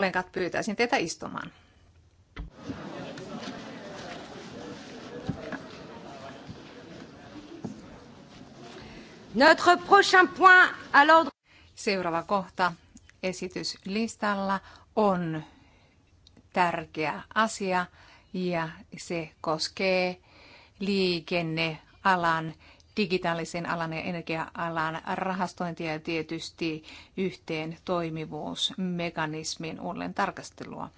Kollegat, pyytäisin teitä istumaan. Notre prochain point à l'ordre. Seuraava kohta esityslistalla on tärkeä asia ja se koskee liikennealan digitaalisen alan ja energia-alan rahastointia ja tietysti yhteen toimivuusmekanismin uudelleen tarkastelua.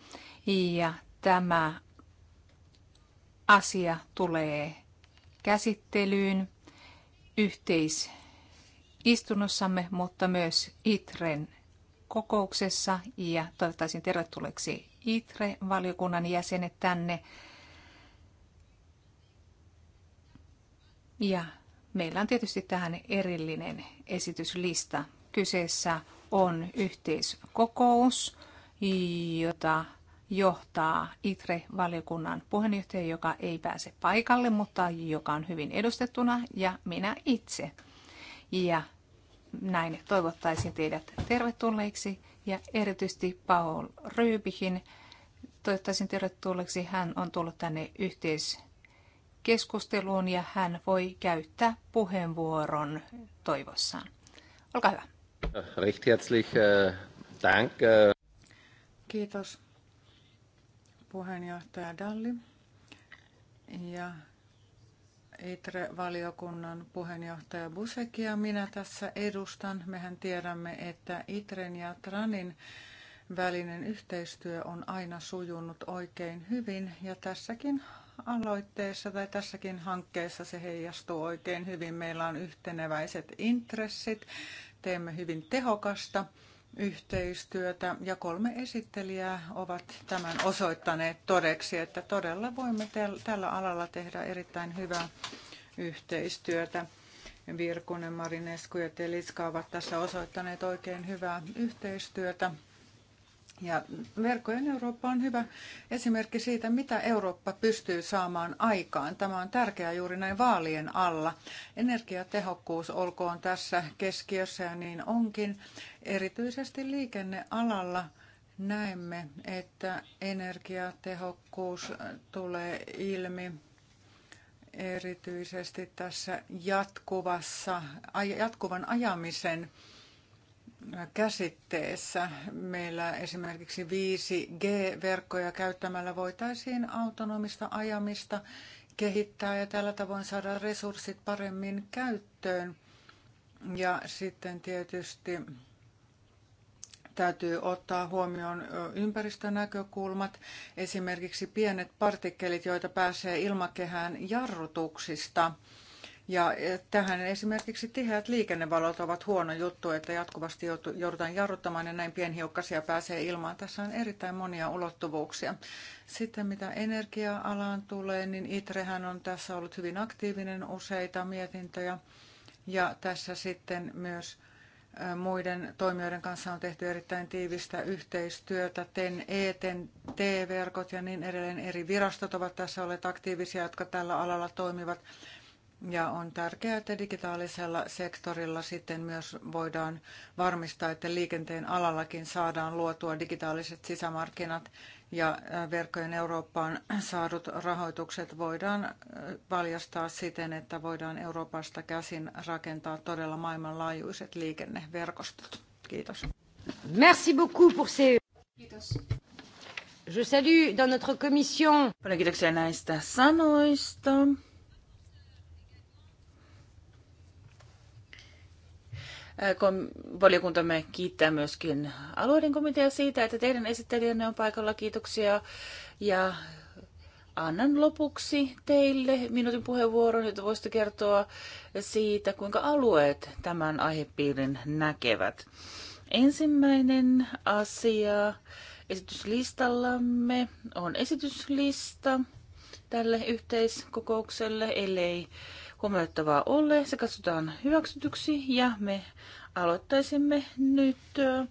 Ja tämä asia tulee käsittelyyn yhteisistunnossamme, mutta myös ITREN kokouksessa ja toivottaisin tervetulleeksi ITRE-valiokunnan jäsenet tänne. Ja Meillä on tietysti tähän erillinen esityslista. Kyseessä on yhteiskokous, jota johtaa ITRE-valiokunnan puheenjohtaja, joka ei pääse paikalle, mutta joka on hyvin edustettuna, ja minä itse. Ja näin toivottaisin teidät tervetulleiksi ja erityisesti Paul Ryypihin toivottaisin tervetulleeksi. Hän on tullut tänne yhteis keskusteluun ja hän voi käyttää puheenvuoron toivossaan. Olkaa hyvä. Recht herzlich äh, dank. Äh. Kiitos puheenjohtaja Dalli ja ITRE-valiokunnan puheenjohtaja Busekia minä tässä edustan. Mehän tiedämme, että ITREn ja TRANin välinen yhteistyö on aina sujunut oikein hyvin ja tässäkin aloitteessa tai tässäkin hankkeessa se heijastuu oikein hyvin. Meillä on yhteneväiset intressit, teemme hyvin tehokasta yhteistyötä ja kolme esittelijää ovat tämän osoittaneet todeksi, että todella voimme tällä alalla tehdä erittäin hyvää yhteistyötä. Virkunen, Marinesku ja Teliska ovat tässä osoittaneet oikein hyvää yhteistyötä ja verkojen Eurooppa on hyvä esimerkki siitä, mitä Eurooppa pystyy saamaan aikaan. Tämä on tärkeää juuri näin vaalien alla. Energiatehokkuus olkoon tässä keskiössä ja niin onkin. Erityisesti liikennealalla näemme, että energiatehokkuus tulee ilmi erityisesti tässä jatkuvassa, jatkuvan ajamisen käsitteessä. Meillä esimerkiksi 5G-verkkoja käyttämällä voitaisiin autonomista ajamista kehittää ja tällä tavoin saada resurssit paremmin käyttöön. Ja sitten tietysti täytyy ottaa huomioon ympäristönäkökulmat, esimerkiksi pienet partikkelit, joita pääsee ilmakehään jarrutuksista – ja eh, tähän esimerkiksi tiheät liikennevalot ovat huono juttu, että jatkuvasti joudutaan jarruttamaan ja näin pienhiukkasia pääsee ilmaan. Tässä on erittäin monia ulottuvuuksia. Sitten mitä energia-alaan tulee, niin ITREhän on tässä ollut hyvin aktiivinen useita mietintöjä. Ja tässä sitten myös eh, muiden toimijoiden kanssa on tehty erittäin tiivistä yhteistyötä. TEN, ETEN, T-verkot ja niin edelleen eri virastot ovat tässä olleet aktiivisia, jotka tällä alalla toimivat. Ja on tärkeää, että digitaalisella sektorilla sitten myös voidaan varmistaa, että liikenteen alallakin saadaan luotua digitaaliset sisämarkkinat ja verkkojen Eurooppaan saadut rahoitukset voidaan valjastaa siten, että voidaan Euroopasta käsin rakentaa todella maailmanlaajuiset liikenneverkostot. Kiitos. Merci beaucoup pour ces... Kiitos. Je salue dans notre commission. kiitoksia näistä sanoista. Äh, valiokuntamme kiittää myöskin alueiden komitea siitä, että teidän esittelijänne on paikalla. Kiitoksia. Ja annan lopuksi teille minuutin puheenvuoron, jotta voisitte kertoa siitä, kuinka alueet tämän aihepiirin näkevät. Ensimmäinen asia esityslistallamme on esityslista tälle yhteiskokoukselle, ellei huomioittavaa ole. Se katsotaan hyväksytyksi ja me aloittaisimme nyt äh,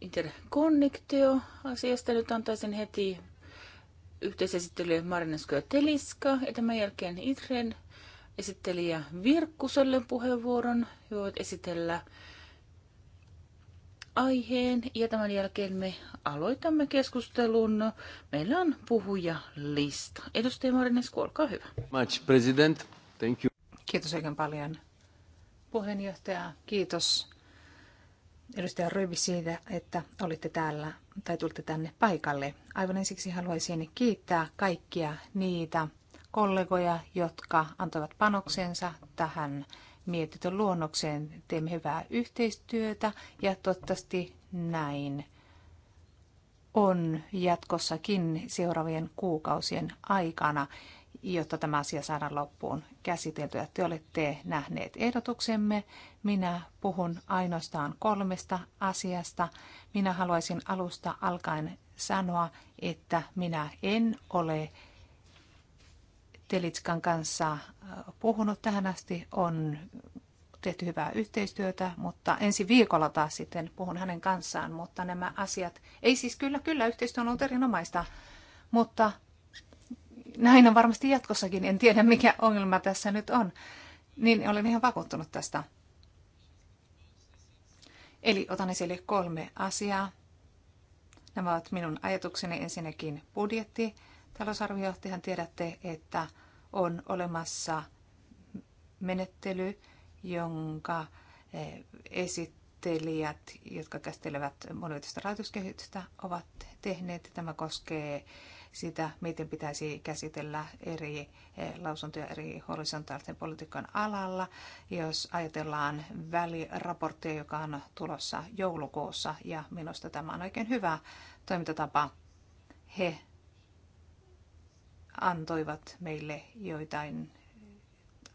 interkonnektio-asiasta. Nyt antaisin heti yhteisesittelijä Marinesko ja Teliska ja tämän jälkeen Itren esittelijä Virkkuselle puheenvuoron. He voivat esitellä aiheen ja tämän jälkeen me aloitamme keskustelun. Meillä on lista. Edustaja Marines, olkaa hyvä. Much, president. Thank you. Kiitos oikein paljon puheenjohtaja. Kiitos edustaja Ryvi siitä, että olitte täällä tai tulitte tänne paikalle. Aivan ensiksi haluaisin kiittää kaikkia niitä kollegoja, jotka antoivat panoksensa tähän mietitön luonnokseen. Teemme hyvää yhteistyötä ja toivottavasti näin on jatkossakin seuraavien kuukausien aikana, jotta tämä asia saadaan loppuun käsiteltyä. Te olette nähneet ehdotuksemme. Minä puhun ainoastaan kolmesta asiasta. Minä haluaisin alusta alkaen sanoa, että minä en ole Telitskan kanssa äh, puhunut tähän asti, on tehty hyvää yhteistyötä, mutta ensi viikolla taas sitten puhun hänen kanssaan, mutta nämä asiat, ei siis kyllä, kyllä yhteistyö on ollut erinomaista, mutta näin on varmasti jatkossakin, en tiedä mikä ongelma tässä nyt on, niin olen ihan vakuuttunut tästä. Eli otan esille kolme asiaa. Nämä ovat minun ajatukseni ensinnäkin budjetti, talousarviohtajan tiedätte, että on olemassa menettely, jonka eh, esittelijät, jotka käsittelevät monivuotista rahoituskehitystä, ovat tehneet. Tämä koskee sitä, miten pitäisi käsitellä eri eh, lausuntoja eri horisontaalisten politiikan alalla. Jos ajatellaan väliraporttia, joka on tulossa joulukuussa, ja minusta tämä on oikein hyvä toimintatapa. He antoivat meille joitain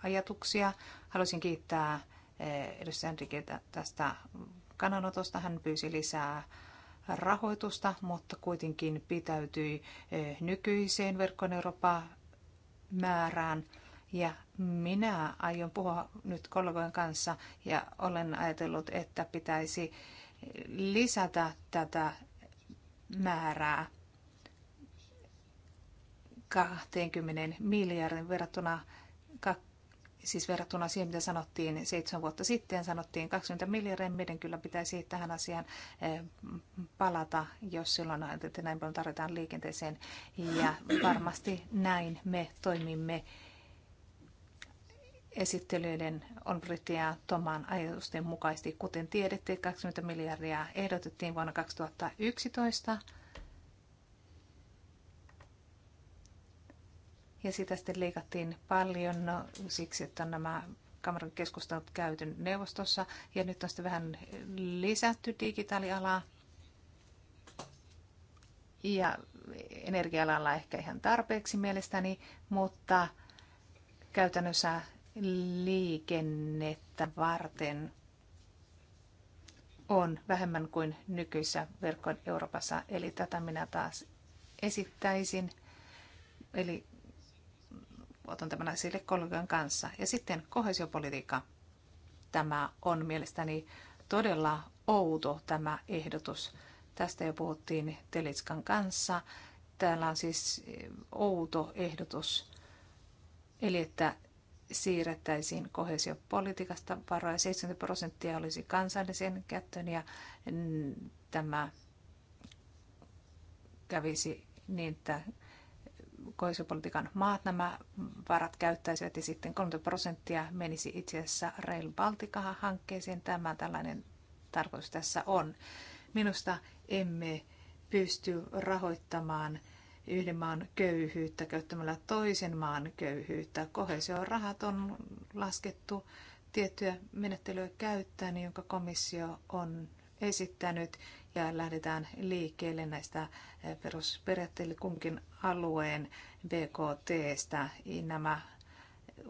ajatuksia. Haluaisin kiittää eh, edustaja Enriketä tästä kananotosta, Hän pyysi lisää rahoitusta, mutta kuitenkin pitäytyi eh, nykyiseen verkkoon Euroopan määrään. Ja minä aion puhua nyt kollegojen kanssa ja olen ajatellut, että pitäisi eh, lisätä tätä määrää 20 miljardin verrattuna, siis verrattuna siihen, mitä sanottiin seitsemän vuotta sitten, sanottiin 20 miljardia, meidän kyllä pitäisi tähän asiaan eh, palata, jos silloin ajatellaan, että näin paljon tarvitaan liikenteeseen. Ja varmasti näin me toimimme esittelyiden on Britia Toman ajatusten mukaisesti. Kuten tiedätte, 20 miljardia ehdotettiin vuonna 2011 Ja sitä sitten leikattiin paljon no, siksi, että on nämä keskustelut käyty neuvostossa. Ja nyt on sitten vähän lisätty digitaalialaa. Ja energia-alalla ehkä ihan tarpeeksi mielestäni, mutta käytännössä liikennettä varten on vähemmän kuin nykyisessä verkkoon Euroopassa. Eli tätä minä taas esittäisin. Eli otan tämän esille kollegan kanssa. Ja sitten kohesiopolitiikka. Tämä on mielestäni todella outo tämä ehdotus. Tästä jo puhuttiin Telitskan kanssa. Täällä on siis eh, outo ehdotus, eli että siirrettäisiin kohesiopolitiikasta varoja. 70 prosenttia olisi kansallisen käyttöön ja tämä kävisi niin, että koisopolitiikan maat nämä varat käyttäisivät ja sitten 30 prosenttia menisi itse asiassa Rail Baltica-hankkeeseen. Tämä tällainen tarkoitus tässä on. Minusta emme pysty rahoittamaan yhden maan köyhyyttä käyttämällä toisen maan köyhyyttä. rahat on laskettu tiettyjä menettelyä käyttäen, jonka komissio on esittänyt ja lähdetään liikkeelle näistä eh, perusperiaatteille kunkin alueen BKTstä. Nämä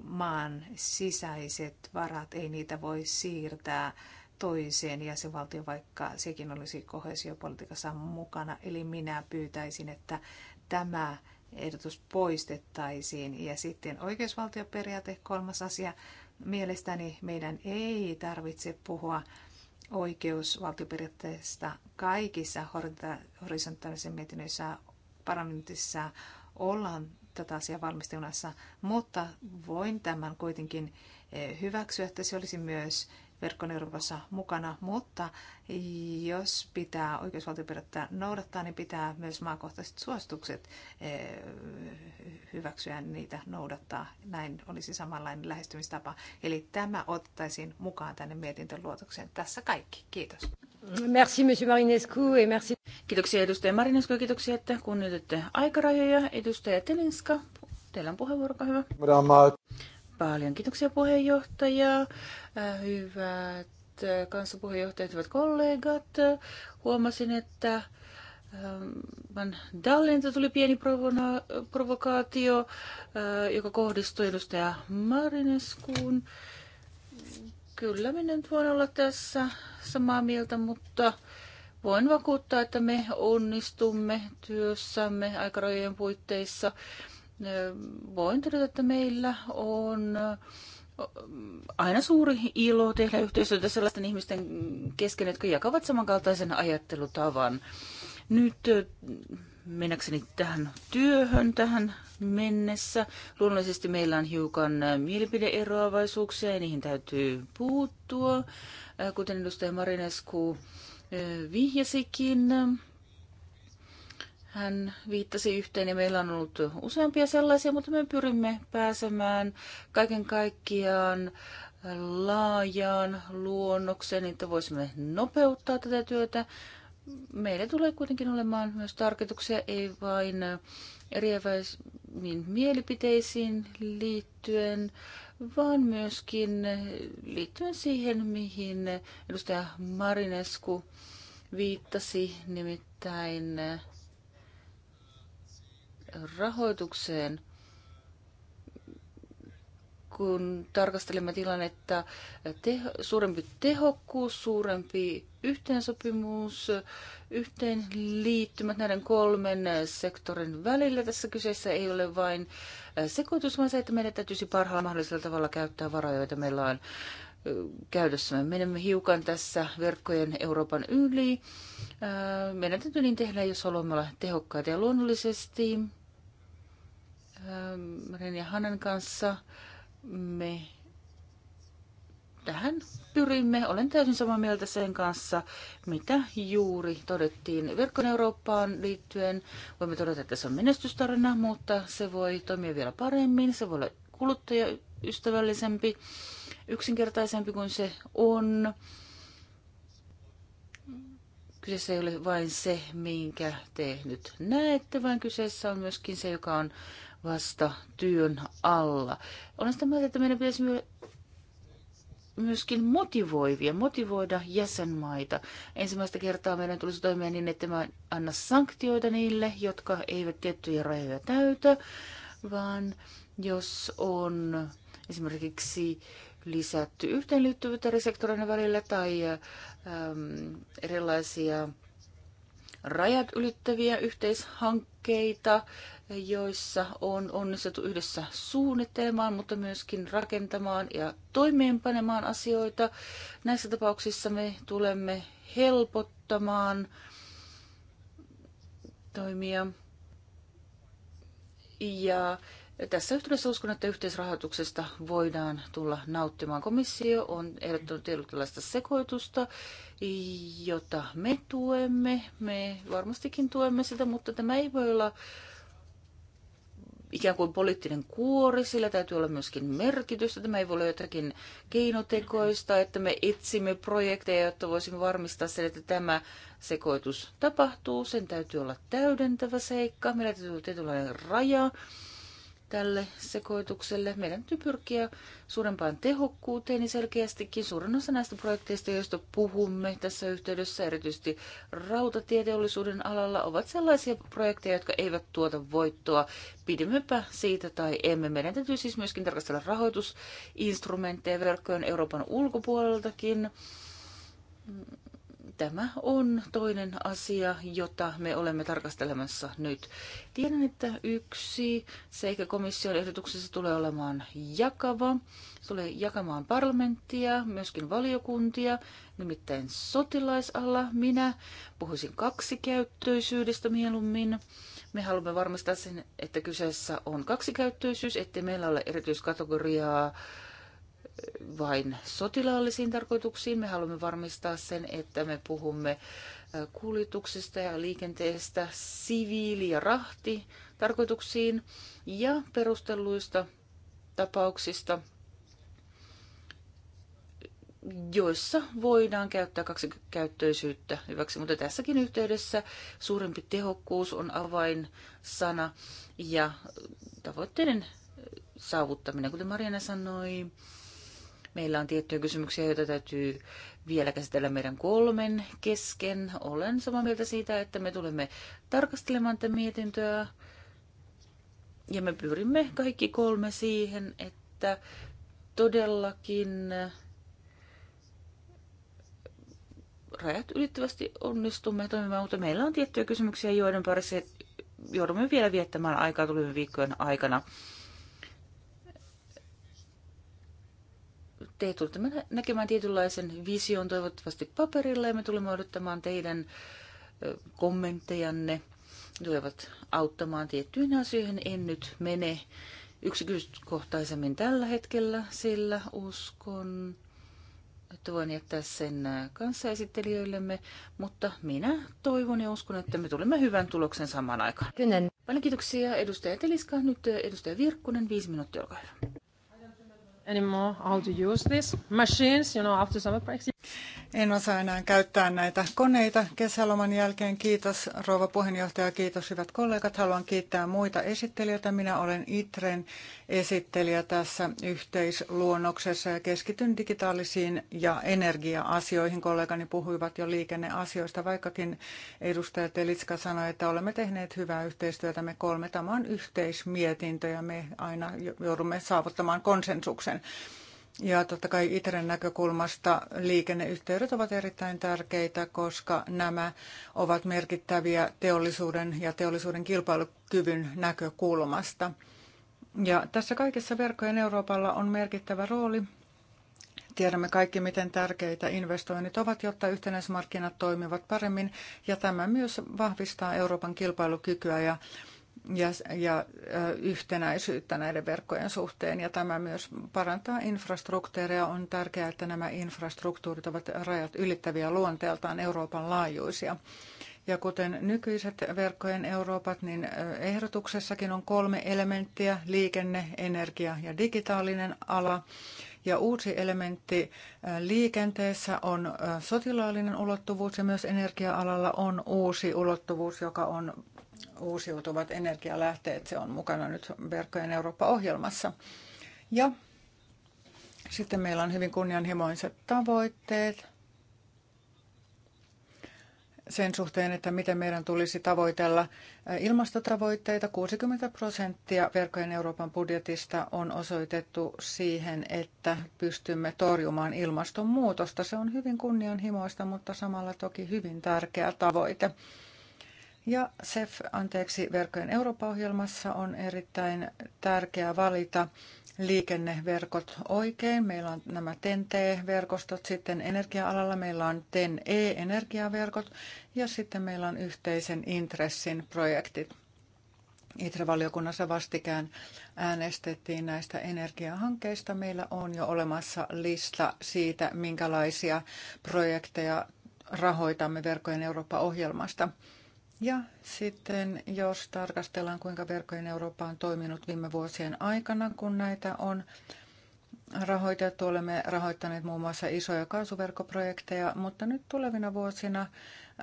maan sisäiset varat, ei niitä voi siirtää toiseen jäsenvaltioon, vaikka sekin olisi kohesiopolitiikassa mukana. Eli minä pyytäisin, että tämä ehdotus poistettaisiin. Ja sitten oikeusvaltioperiaate, kolmas asia. Mielestäni meidän ei tarvitse puhua oikeusvaltioperiaatteesta kaikissa horisontaalisen mietinnöissä parlamentissa ollaan tätä asiaa valmistelunassa, mutta voin tämän kuitenkin eh, hyväksyä, että se olisi myös verkon mukana, mutta jos pitää oikeusvaltioperiaatteita noudattaa, niin pitää myös maakohtaiset suositukset eh, hyväksyä niitä noudattaa. Näin olisi samanlainen lähestymistapa. Eli tämä ottaisin mukaan tänne mietintöluotokseen. Tässä kaikki. Kiitos. Merci, monsieur Marinescu, et merci. Kiitoksia edustaja Marinescu, kiitoksia, että kunnioitatte aikarajoja. Edustaja Telinska, teillä on puheenvuoro, hyvä. Madame paljon. Kiitoksia puheenjohtaja. Äh, hyvät äh, kanssapuheenjohtajat, hyvät kollegat. Huomasin, että ähm, Van Dallinta tuli pieni provokaatio, äh, joka kohdistui edustaja Marineskuun. Kyllä minä nyt voin olla tässä samaa mieltä, mutta voin vakuuttaa, että me onnistumme työssämme aikarajojen puitteissa voin todeta, että meillä on aina suuri ilo tehdä yhteistyötä sellaisten ihmisten kesken, jotka jakavat samankaltaisen ajattelutavan. Nyt mennäkseni tähän työhön tähän mennessä. Luonnollisesti meillä on hiukan mielipideeroavaisuuksia ja niihin täytyy puuttua. Kuten edustaja Marinescu vihjasikin, hän viittasi yhteen ja meillä on ollut useampia sellaisia, mutta me pyrimme pääsemään kaiken kaikkiaan laajaan luonnokseen, niin että voisimme nopeuttaa tätä työtä. Meillä tulee kuitenkin olemaan myös tarkoituksia, ei vain eriäväisiin mielipiteisiin liittyen, vaan myöskin liittyen siihen, mihin edustaja Marinesku viittasi, nimittäin rahoitukseen. Kun tarkastelemme tilannetta, teho, suurempi tehokkuus, suurempi yhteensopimus, yhteenliittymät näiden kolmen sektorin välillä. Tässä kyseessä ei ole vain äh, sekoitus, vaan se, että meidän täytyisi parhaalla mahdollisella tavalla käyttää varoja, joita meillä on äh, käytössä. Me menemme hiukan tässä verkkojen Euroopan yli. Äh, meidän täytyy niin tehdä, jos haluamme olla tehokkaita ja luonnollisesti. Ähm, Maren ja Hanan kanssa. Me tähän pyrimme. Olen täysin samaa mieltä sen kanssa, mitä juuri todettiin verkon Eurooppaan liittyen. Voimme todeta, että se on menestystarina, mutta se voi toimia vielä paremmin. Se voi olla kuluttajaystävällisempi, yksinkertaisempi kuin se on. Kyseessä ei ole vain se, minkä te nyt näette, vaan kyseessä on myöskin se, joka on vasta työn alla. Olen sitä mieltä, että meidän pitäisi myöskin motivoivia, motivoida jäsenmaita. Ensimmäistä kertaa meidän tulisi toimia niin, että me anna sanktioita niille, jotka eivät tiettyjä rajoja täytä, vaan jos on esimerkiksi lisätty yhteenliittyvyyttä eri sektoreiden välillä tai äm, erilaisia rajat ylittäviä yhteishankkeita joissa on onnistuttu yhdessä suunnittelemaan, mutta myöskin rakentamaan ja toimeenpanemaan asioita. Näissä tapauksissa me tulemme helpottamaan toimia. Ja tässä yhteydessä uskon, että yhteisrahoituksesta voidaan tulla nauttimaan. Komissio on ehdottanut tällaista sekoitusta, jota me tuemme. Me varmastikin tuemme sitä, mutta tämä ei voi olla äh, ikään kuin poliittinen kuori, sillä täytyy olla myöskin merkitystä. me ei voi olla jotakin keinotekoista, että me etsimme projekteja, jotta voisimme varmistaa sen, että tämä sekoitus tapahtuu. Sen täytyy olla täydentävä seikka. Meillä täytyy olla tietynlainen raja tälle sekoitukselle. Meidän täytyy pyrkiä suurempaan tehokkuuteen niin selkeästikin suurin osa näistä projekteista, joista puhumme tässä yhteydessä, erityisesti rautatieteollisuuden alalla, ovat sellaisia projekteja, jotka eivät tuota voittoa. Pidimmepä siitä tai emme. Meidän täytyy siis myöskin tarkastella rahoitusinstrumentteja verkkojen Euroopan ulkopuoleltakin Tämä on toinen asia, jota me olemme tarkastelemassa nyt. Tiedän, että yksi seikka komission ehdotuksessa tulee olemaan jakava. Se tulee jakamaan parlamenttia, myöskin valiokuntia, nimittäin sotilaisalla. Minä puhuisin kaksikäyttöisyydestä mieluummin. Me haluamme varmistaa sen, että kyseessä on kaksikäyttöisyys, ettei meillä ole erityiskategoriaa vain sotilaallisiin tarkoituksiin. Me haluamme varmistaa sen, että me puhumme äh, kuljetuksista ja liikenteestä siviili- ja rahti tarkoituksiin ja perustelluista tapauksista, joissa voidaan käyttää kaksi käyttöisyyttä hyväksi, mutta tässäkin yhteydessä suurempi tehokkuus on avain sana ja tavoitteiden saavuttaminen, kuten Mariana sanoi, Meillä on tiettyjä kysymyksiä, joita täytyy vielä käsitellä meidän kolmen kesken. Olen samaa mieltä siitä, että me tulemme tarkastelemaan tätä mietintöä ja me pyrimme kaikki kolme siihen, että todellakin rajat ylittävästi onnistumme toimimaan, mutta meillä on tiettyjä kysymyksiä, joiden parissa joudumme vielä viettämään aikaa tulevien viikkojen aikana. te tulette näkemään tietynlaisen vision toivottavasti paperille. ja me tulemme odottamaan teidän kommenttejanne tulevat auttamaan tiettyihin asioihin. En nyt mene yksityiskohtaisemmin tällä hetkellä, sillä uskon, että voin jättää sen kanssaesittelijöillemme, mutta minä toivon ja uskon, että me tulemme hyvän tuloksen samaan aikaan. Paljon kiitoksia edustaja Teliska. Nyt edustaja Virkkunen, viisi minuuttia, olkaa hyvä anymore how to use these machines, you know, after summer practice. En osaa enää käyttää näitä koneita kesäloman jälkeen. Kiitos rouva puheenjohtaja, kiitos hyvät kollegat. Haluan kiittää muita esittelijöitä. Minä olen ITREN esittelijä tässä yhteisluonnoksessa ja keskityn digitaalisiin ja energia-asioihin. Kollegani puhuivat jo liikenneasioista, vaikkakin edustaja Telitska sanoi, että olemme tehneet hyvää yhteistyötä me kolme. Tämä on yhteismietintö ja me aina joudumme saavuttamaan konsensuksen. Ja totta kai Itren näkökulmasta liikenneyhteydet ovat erittäin tärkeitä, koska nämä ovat merkittäviä teollisuuden ja teollisuuden kilpailukyvyn näkökulmasta. Ja tässä kaikessa verkkojen Euroopalla on merkittävä rooli. Tiedämme kaikki, miten tärkeitä investoinnit ovat, jotta yhtenäismarkkinat toimivat paremmin, ja tämä myös vahvistaa Euroopan kilpailukykyä ja kilpailukykyä ja, ja yhtenäisyyttä näiden verkkojen suhteen. Ja tämä myös parantaa infrastruktuuria. On tärkeää, että nämä infrastruktuurit ovat rajat ylittäviä luonteeltaan Euroopan laajuisia. Ja kuten nykyiset verkkojen Euroopat, niin ehdotuksessakin on kolme elementtiä, liikenne, energia ja digitaalinen ala. Ja uusi elementti liikenteessä on sotilaallinen ulottuvuus ja myös energia-alalla on uusi ulottuvuus, joka on uusiutuvat energialähteet. Se on mukana nyt Verkkojen Eurooppa-ohjelmassa. Ja sitten meillä on hyvin kunnianhimoiset tavoitteet sen suhteen, että miten meidän tulisi tavoitella ilmastotavoitteita. 60 prosenttia Verkkojen Euroopan budjetista on osoitettu siihen, että pystymme torjumaan ilmastonmuutosta. Se on hyvin kunnianhimoista, mutta samalla toki hyvin tärkeä tavoite. Ja SEF, anteeksi, verkkojen Eurooppa-ohjelmassa on erittäin tärkeää valita liikenneverkot oikein. Meillä on nämä TEN-T-verkostot, sitten energia-alalla meillä on TEN-E-energiaverkot ja sitten meillä on yhteisen intressin projektit. ITRE-valiokunnassa vastikään äänestettiin näistä energiahankkeista. Meillä on jo olemassa lista siitä, minkälaisia projekteja rahoitamme verkkojen Eurooppa-ohjelmasta. Ja sitten jos tarkastellaan, kuinka verkkojen Eurooppa on toiminut viime vuosien aikana, kun näitä on rahoitettu, olemme rahoittaneet muun muassa isoja kaasuverkkoprojekteja, mutta nyt tulevina vuosina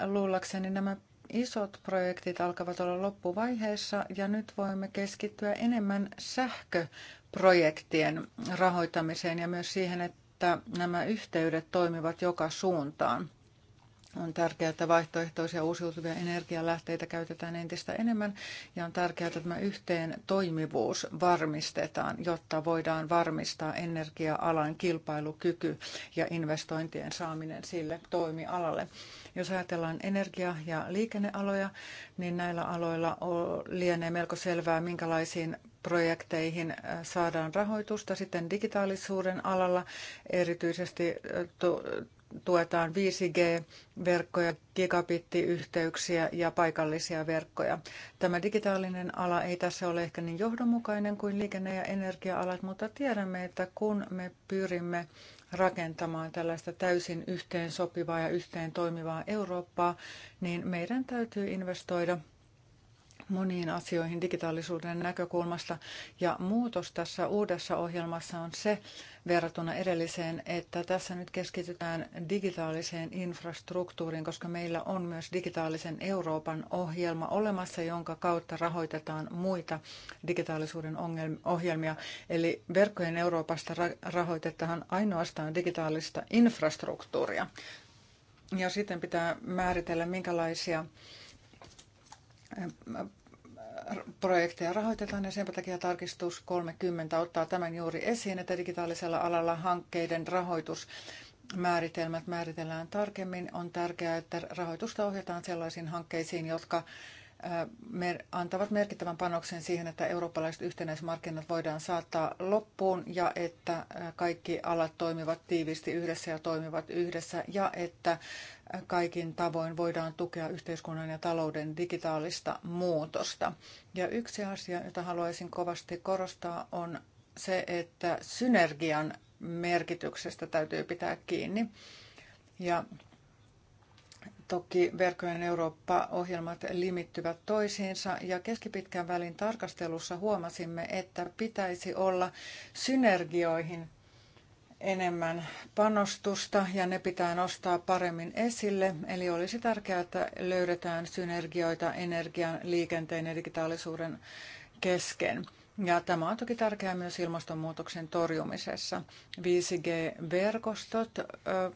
luullakseni nämä isot projektit alkavat olla loppuvaiheessa ja nyt voimme keskittyä enemmän sähköprojektien rahoittamiseen ja myös siihen, että nämä yhteydet toimivat joka suuntaan. On tärkeää, että vaihtoehtoisia uusiutuvia energialähteitä käytetään entistä enemmän ja on tärkeää, että tämä yhteen toimivuus varmistetaan, jotta voidaan varmistaa energia-alan kilpailukyky ja investointien saaminen sille toimialalle. Jos ajatellaan energia- ja liikennealoja, niin näillä aloilla lienee melko selvää, minkälaisiin projekteihin saadaan rahoitusta. Sitten digitaalisuuden alalla erityisesti tuetaan 5G-verkkoja, gigabittiyhteyksiä ja paikallisia verkkoja. Tämä digitaalinen ala ei tässä ole ehkä niin johdonmukainen kuin liikenne- ja energia-alat, mutta tiedämme, että kun me pyrimme rakentamaan tällaista täysin yhteensopivaa ja yhteen toimivaa Eurooppaa, niin meidän täytyy investoida – moniin asioihin digitaalisuuden näkökulmasta. Ja muutos tässä uudessa ohjelmassa on se verrattuna edelliseen, että tässä nyt keskitytään digitaaliseen infrastruktuuriin, koska meillä on myös digitaalisen Euroopan ohjelma olemassa, jonka kautta rahoitetaan muita digitaalisuuden ohjelmia. Eli verkkojen Euroopasta rahoitetaan ainoastaan digitaalista infrastruktuuria. Ja sitten pitää määritellä, minkälaisia projekteja rahoitetaan ja sen takia tarkistus 30 ottaa tämän juuri esiin, että digitaalisella alalla hankkeiden rahoitus määritelmät määritellään tarkemmin. On tärkeää, että rahoitusta ohjataan sellaisiin hankkeisiin, jotka antavat merkittävän panoksen siihen, että eurooppalaiset yhtenäismarkkinat voidaan saattaa loppuun ja että kaikki alat toimivat tiiviisti yhdessä ja toimivat yhdessä ja että kaikin tavoin voidaan tukea yhteiskunnan ja talouden digitaalista muutosta. Ja yksi asia, jota haluaisin kovasti korostaa, on se, että synergian merkityksestä täytyy pitää kiinni. Ja Toki verkkojen Eurooppa-ohjelmat limittyvät toisiinsa ja keskipitkän välin tarkastelussa huomasimme, että pitäisi olla synergioihin enemmän panostusta ja ne pitää nostaa paremmin esille. Eli olisi tärkeää, että löydetään synergioita energian, liikenteen ja digitaalisuuden kesken. Ja tämä on toki tärkeää myös ilmastonmuutoksen torjumisessa. 5G-verkostot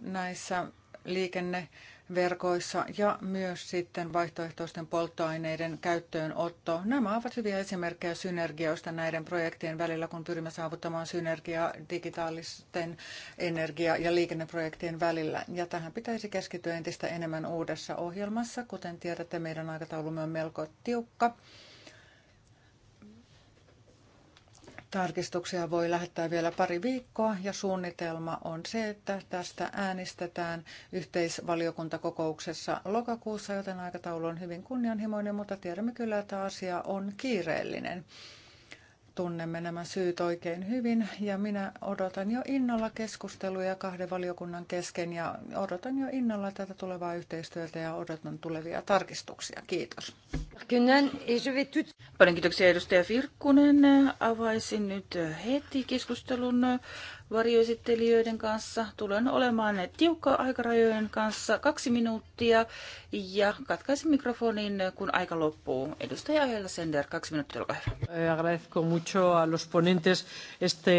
näissä liikenne- verkoissa ja myös sitten vaihtoehtoisten polttoaineiden käyttöönotto. Nämä ovat hyviä esimerkkejä synergioista näiden projektien välillä, kun pyrimme saavuttamaan synergiaa digitaalisten energia- ja liikenneprojektien välillä. Ja tähän pitäisi keskittyä entistä enemmän uudessa ohjelmassa. Kuten tiedätte, meidän aikataulumme on melko tiukka. Tarkistuksia voi lähettää vielä pari viikkoa ja suunnitelma on se, että tästä äänestetään yhteisvaliokuntakokouksessa lokakuussa, joten aikataulu on hyvin kunnianhimoinen, mutta tiedämme kyllä, että asia on kiireellinen tunnemme nämä syyt oikein hyvin ja minä odotan jo innolla keskusteluja kahden valiokunnan kesken ja odotan jo innolla tätä tulevaa yhteistyötä ja odotan tulevia tarkistuksia. Kiitos. Paljon kiitoksia edustaja Virkkunen. Avaisin nyt heti keskustelun varjoesittelijöiden kanssa. Tulen olemaan tiukka aikarajojen kanssa kaksi minuuttia ja katkaisin mikrofonin, kun aika loppuu. Edustaja Ajala Sender, kaksi minuuttia, olkaa hyvä. Eh, agradezco mucho a los ponentes este...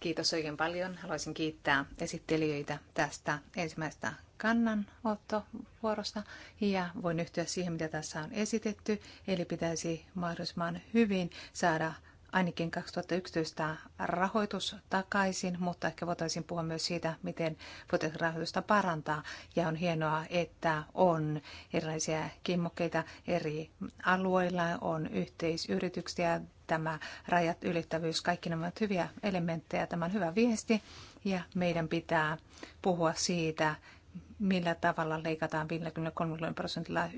Kiitos oikein paljon. Haluaisin kiittää esittelijöitä tästä ensimmäistä kannanottovuorosta ja voin yhtyä siihen, mitä tässä on esitetty. Eli pitäisi mahdollisimman hyvin saada ainakin 2011 rahoitus takaisin, mutta ehkä voitaisiin puhua myös siitä, miten voitaisiin rahoitusta parantaa. Ja on hienoa, että on erilaisia kimmokkeita eri alueilla, on yhteisyrityksiä, tämä rajat ylittävyys, kaikki nämä ovat hyviä elementtejä, tämä on hyvä viesti ja meidän pitää puhua siitä, millä tavalla leikataan 53 prosentilla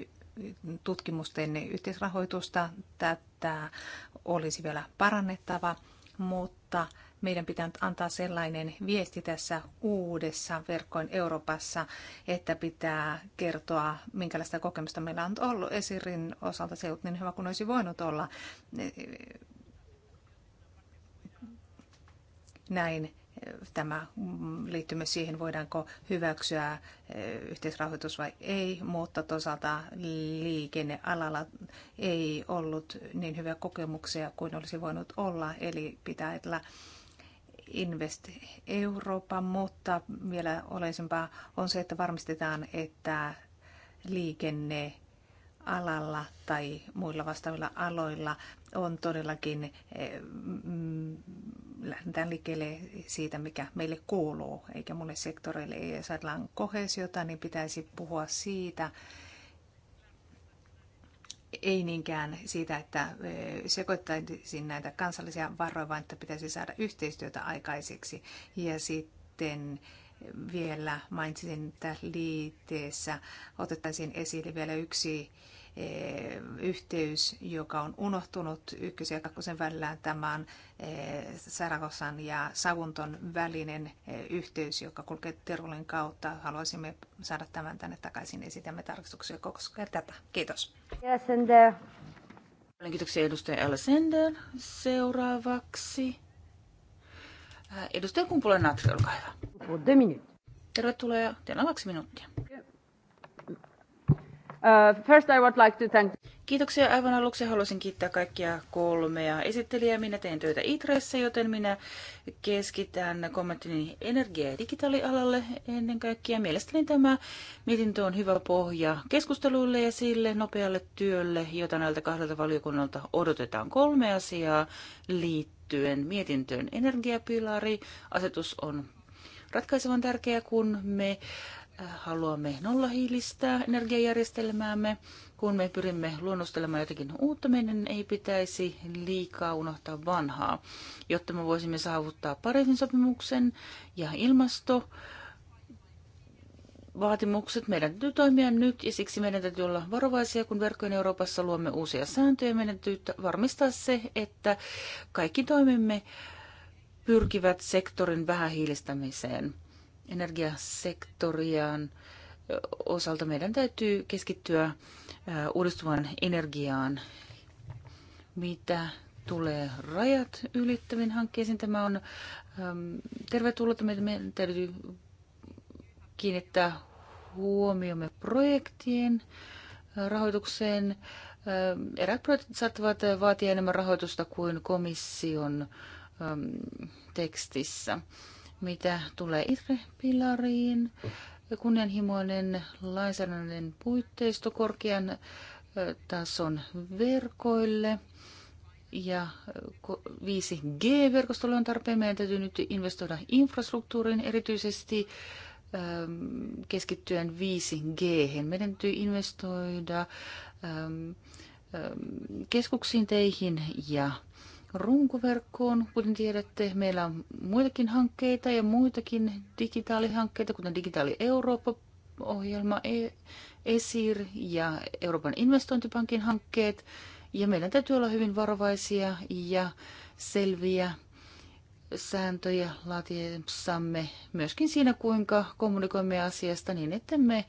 tutkimusten yhteisrahoitusta. Tätä olisi vielä parannettava, mutta meidän pitää antaa sellainen viesti tässä uudessa verkkoin Euroopassa, että pitää kertoa, minkälaista kokemusta meillä on ollut. Esirin osalta se ei ollut niin hyvä kuin olisi voinut olla. Näin tämä mm, liittyy myös siihen, voidaanko hyväksyä eh, yhteisrahoitus vai ei, mutta toisaalta liikennealalla ei ollut niin hyviä kokemuksia kuin olisi voinut olla, eli pitää ajatella Invest Europa, mutta vielä oleisempaa on se, että varmistetaan, että liikenne alalla tai muilla vastaavilla aloilla on todellakin eh, lähdetään liikkeelle siitä, mikä meille kuuluu, eikä mulle sektoreille. Ei saadaan kohesiota, niin pitäisi puhua siitä, ei niinkään siitä, että e, sekoittaisiin näitä kansallisia varoja, vaan että pitäisi saada yhteistyötä aikaiseksi. Ja sitten vielä mainitsin, että liitteessä otettaisiin esille vielä yksi Eh, yhteys, joka on unohtunut ykkösen ja kakkosen välillään. tämän eh, Saragossan ja Savunton välinen eh, yhteys, joka kulkee terulin kautta. Haluaisimme saada tämän tänne takaisin. Esitämme tarkistuksia koskee tätä. Kiitos. Uh, Paljon kiitoksia edustaja Alexander. Seuraavaksi edustaja Kumpula Natri, olkaa hyvä. Tervetuloa. Teillä on kaksi minuuttia. Uh, first I would like to thank... Kiitoksia. Aivan aluksi haluaisin kiittää kaikkia kolmea esittelijää. Minä teen töitä Itressä, joten minä keskitän kommenttini energia- ja digitaalialalle ennen kaikkea. Mielestäni tämä mietintö on hyvä pohja keskusteluille ja sille nopealle työlle, jota näiltä kahdelta valiokunnalta odotetaan. Kolme asiaa liittyen mietintöön energiapilari. Asetus on ratkaisevan tärkeä, kun me haluamme nollahiilistää energiajärjestelmäämme, kun me pyrimme luonnostelemaan jotakin uutta, meidän ei pitäisi liikaa unohtaa vanhaa, jotta me voisimme saavuttaa Pariisin sopimuksen ja ilmasto vaatimukset. Meidän täytyy toimia nyt ja siksi meidän täytyy olla varovaisia, kun verkkojen Euroopassa luomme uusia sääntöjä. Meidän täytyy varmistaa se, että kaikki toimimme pyrkivät sektorin vähähiilistämiseen energiasektoriaan osalta meidän täytyy keskittyä uudistuvan energiaan. Mitä tulee rajat ylittäviin hankkeisiin, tämä on tervetullut. Meidän täytyy kiinnittää huomiomme projektien rahoitukseen. Eräät projektit saattavat vaatia enemmän rahoitusta kuin komission tekstissä mitä tulee ITRE-pilariin, kunnianhimoinen lainsäädännön puitteisto korkean tason verkoille ja 5G-verkostolle on tarpeen. Meidän täytyy nyt investoida infrastruktuuriin erityisesti keskittyen 5G. Meidän täytyy investoida keskuksiin, teihin ja runkoverkkoon. Kuten tiedätte, meillä on muitakin hankkeita ja muitakin digitaalihankkeita, kuten Digitaali Eurooppa-ohjelma, e- ESIR ja Euroopan investointipankin hankkeet. Ja meidän täytyy olla hyvin varovaisia ja selviä sääntöjä laatiessamme myöskin siinä, kuinka kommunikoimme asiasta niin, että me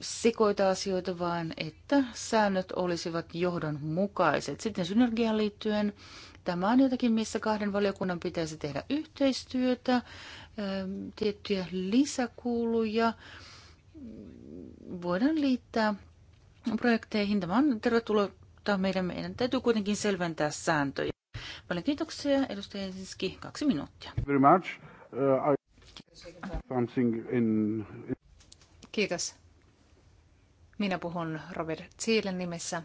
sekoita asioita, vaan että säännöt olisivat johdonmukaiset. Sitten synergiaan liittyen tämä on jotakin, missä kahden valiokunnan pitäisi tehdä yhteistyötä, ähm, tiettyjä lisäkuuluja voidaan liittää projekteihin. Tämä on tervetuloa meidän. Meidän täytyy kuitenkin selventää sääntöjä. Paljon kiitoksia. Edustaja Ensinski, kaksi minuuttia. Uh, Kiitos. Minä puhun Robert Zielen nimessä.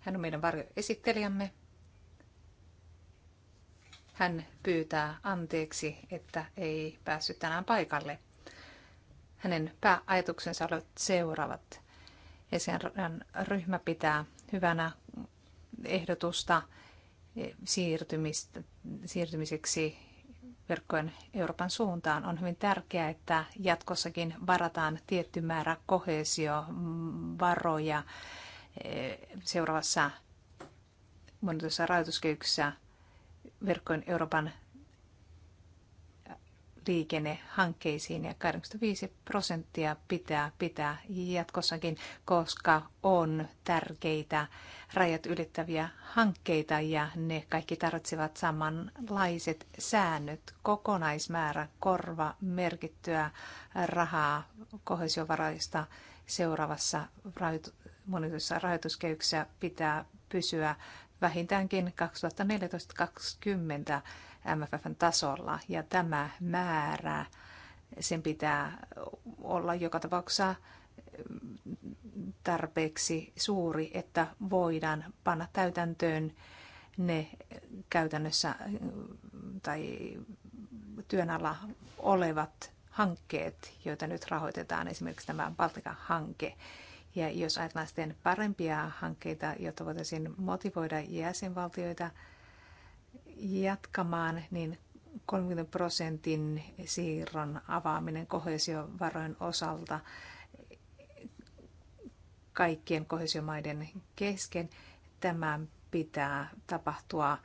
Hän on meidän varjoesittelijämme. Hän pyytää anteeksi, että ei päässyt tänään paikalle. Hänen pääajatuksensa olivat seuraavat. Esian ryhmä pitää hyvänä ehdotusta siirtymistä, siirtymiseksi verkkojen Euroopan suuntaan. On hyvin tärkeää, että jatkossakin varataan tietty määrä kohesiovaroja eh, seuraavassa monitoissa rahoituskehyksessä verkkojen Euroopan liikennehankkeisiin ja 85 prosenttia pitää pitää jatkossakin, koska on tärkeitä rajat ylittäviä hankkeita ja ne kaikki tarvitsevat samanlaiset säännöt, kokonaismäärä, korva, merkittyä rahaa kohesiovaraista seuraavassa monituissa rahoituskehyksessä pitää pysyä vähintäänkin 2014-2020 MFFn tasolla. Ja tämä määrä, sen pitää olla joka tapauksessa mm, tarpeeksi suuri, että voidaan panna täytäntöön ne käytännössä mm, tai työn alla olevat hankkeet, joita nyt rahoitetaan, esimerkiksi tämä Baltikan hanke Ja jos ajatellaan sitten parempia hankkeita, jotta voitaisiin motivoida jäsenvaltioita jatkamaan, niin 30 prosentin siirron avaaminen kohesiovarojen osalta kaikkien kohesiomaiden kesken. Tämän pitää tapahtua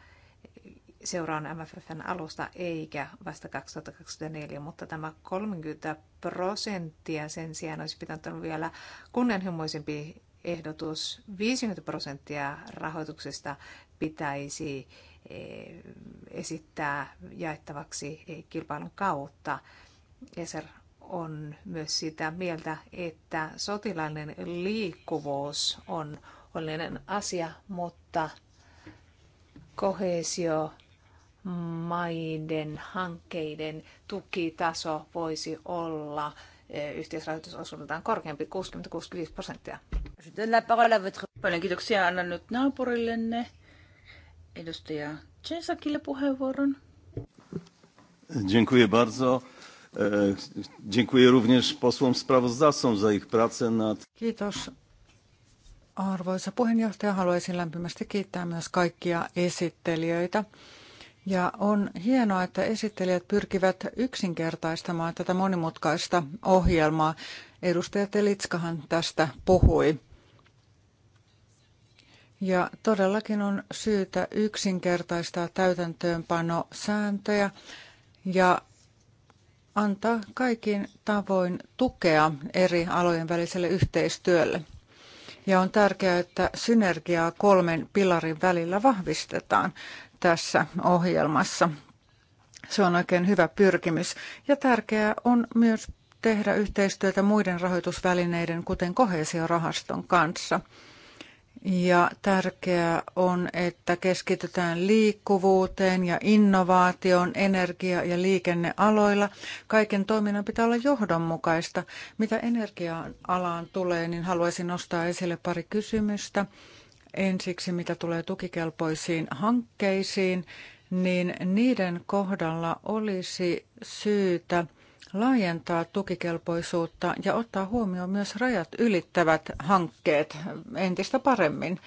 seuraan MFFn alusta eikä vasta 2024, mutta tämä 30 prosenttia sen sijaan olisi pitänyt olla vielä kunnianhimoisempi ehdotus. 50 prosenttia rahoituksesta pitäisi Eh, esittää jaettavaksi eh, kilpailun kautta. ESER on myös sitä mieltä, että sotilaallinen liikkuvuus on oleellinen asia, mutta kohesio maiden hankkeiden tukitaso voisi olla eh, yhteisrahoitusosuudeltaan korkeampi, 60-65 prosenttia. Paljon kiitoksia. Annan nyt naapurillenne edustaja Czesakille puheenvuoron. Dziękuję bardzo. E, dziękuję również posłom sprawozdawcom za ich pracę nad... Kiitos. Arvoisa puheenjohtaja, haluaisin lämpimästi kiittää myös kaikkia esittelijöitä. Ja on hienoa, että esittelijät pyrkivät yksinkertaistamaan tätä monimutkaista ohjelmaa. Edustaja Telitskahan tästä puhui. Ja todellakin on syytä yksinkertaistaa täytäntöönpanosääntöjä ja antaa kaikin tavoin tukea eri alojen väliselle yhteistyölle. Ja on tärkeää, että synergiaa kolmen pilarin välillä vahvistetaan tässä ohjelmassa. Se on oikein hyvä pyrkimys. Ja tärkeää on myös tehdä yhteistyötä muiden rahoitusvälineiden, kuten kohesiorahaston kanssa. Ja tärkeää on, että keskitytään liikkuvuuteen ja innovaatioon energia- ja liikennealoilla. Kaiken toiminnan pitää olla johdonmukaista. Mitä energia-alaan tulee, niin haluaisin nostaa esille pari kysymystä. Ensiksi, mitä tulee tukikelpoisiin hankkeisiin, niin niiden kohdalla olisi syytä – laajentaa tukikelpoisuutta ja ottaa huomioon myös rajat ylittävät hankkeet entistä paremmin.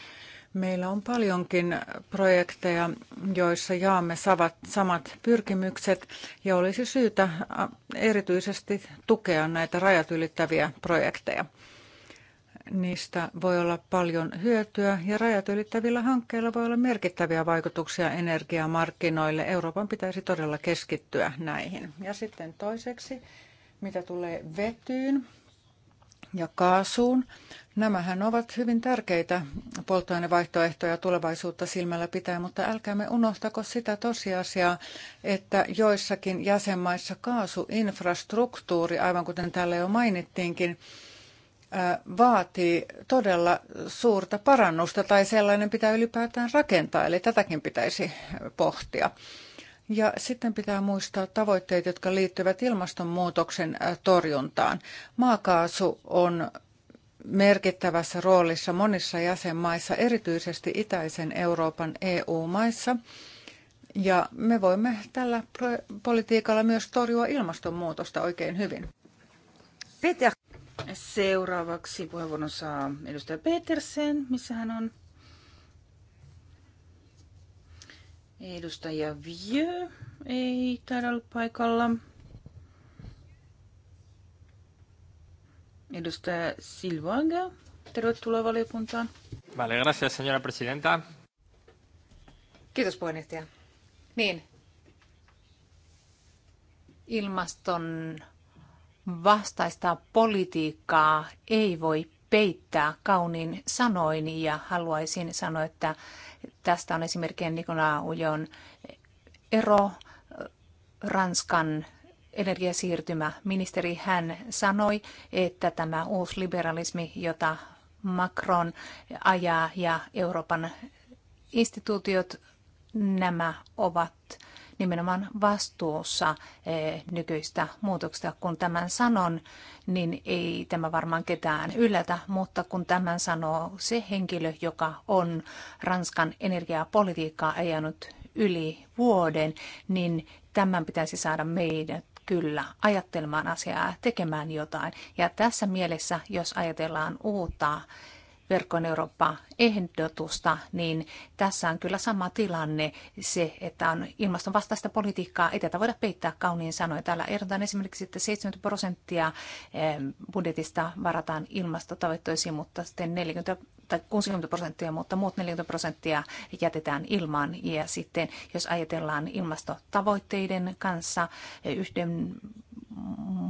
Meillä on paljonkin projekteja, joissa jaamme savat, samat pyrkimykset ja olisi syytä erityisesti tukea näitä rajat ylittäviä projekteja niistä voi olla paljon hyötyä ja rajat ylittävillä hankkeilla voi olla merkittäviä vaikutuksia energiamarkkinoille. Euroopan pitäisi todella keskittyä näihin. Ja sitten toiseksi, mitä tulee vetyyn ja kaasuun. Nämähän ovat hyvin tärkeitä polttoainevaihtoehtoja tulevaisuutta silmällä pitää, mutta älkäämme unohtako sitä tosiasiaa, että joissakin jäsenmaissa kaasuinfrastruktuuri, aivan kuten täällä jo mainittiinkin, vaatii todella suurta parannusta tai sellainen pitää ylipäätään rakentaa, eli tätäkin pitäisi pohtia. Ja sitten pitää muistaa tavoitteet, jotka liittyvät ilmastonmuutoksen torjuntaan. Maakaasu on merkittävässä roolissa monissa jäsenmaissa, erityisesti itäisen Euroopan EU-maissa. Ja me voimme tällä politiikalla myös torjua ilmastonmuutosta oikein hyvin. Peter. Seuraavaksi puheenvuoron saa edustaja Petersen, missä hän on. Edustaja Vieu ei taida olla paikalla. Edustaja Silvanga, tervetuloa valiokuntaan. Vale, gracias, señora presidenta. Kiitos puheenjohtaja. Niin, ilmaston vastaista politiikkaa ei voi peittää kauniin sanoin ja haluaisin sanoa, että tästä on esimerkkinä Nikona Ujon ero Ranskan energiasiirtymä. Ministeri hän sanoi, että tämä uusi liberalismi, jota Macron ajaa ja Euroopan instituutiot, nämä ovat nimenomaan vastuussa eh, nykyistä muutoksista. Kun tämän sanon, niin ei tämä varmaan ketään yllätä, mutta kun tämän sanoo se henkilö, joka on Ranskan energiapolitiikkaa ajanut yli vuoden, niin tämän pitäisi saada meidät kyllä ajattelemaan asiaa, tekemään jotain. Ja tässä mielessä, jos ajatellaan uutta verkon Eurooppa-ehdotusta, niin tässä on kyllä sama tilanne se, että on ilmaston vastaista politiikkaa, ei tätä voida peittää kauniin sanoin. Täällä ehdotetaan esimerkiksi, että 70 prosenttia eh, budjetista varataan ilmastotavoitteisiin, mutta sitten 40 tai 60 prosenttia, mutta muut 40 prosenttia jätetään ilmaan. Ja sitten jos ajatellaan ilmastotavoitteiden kanssa eh, yhden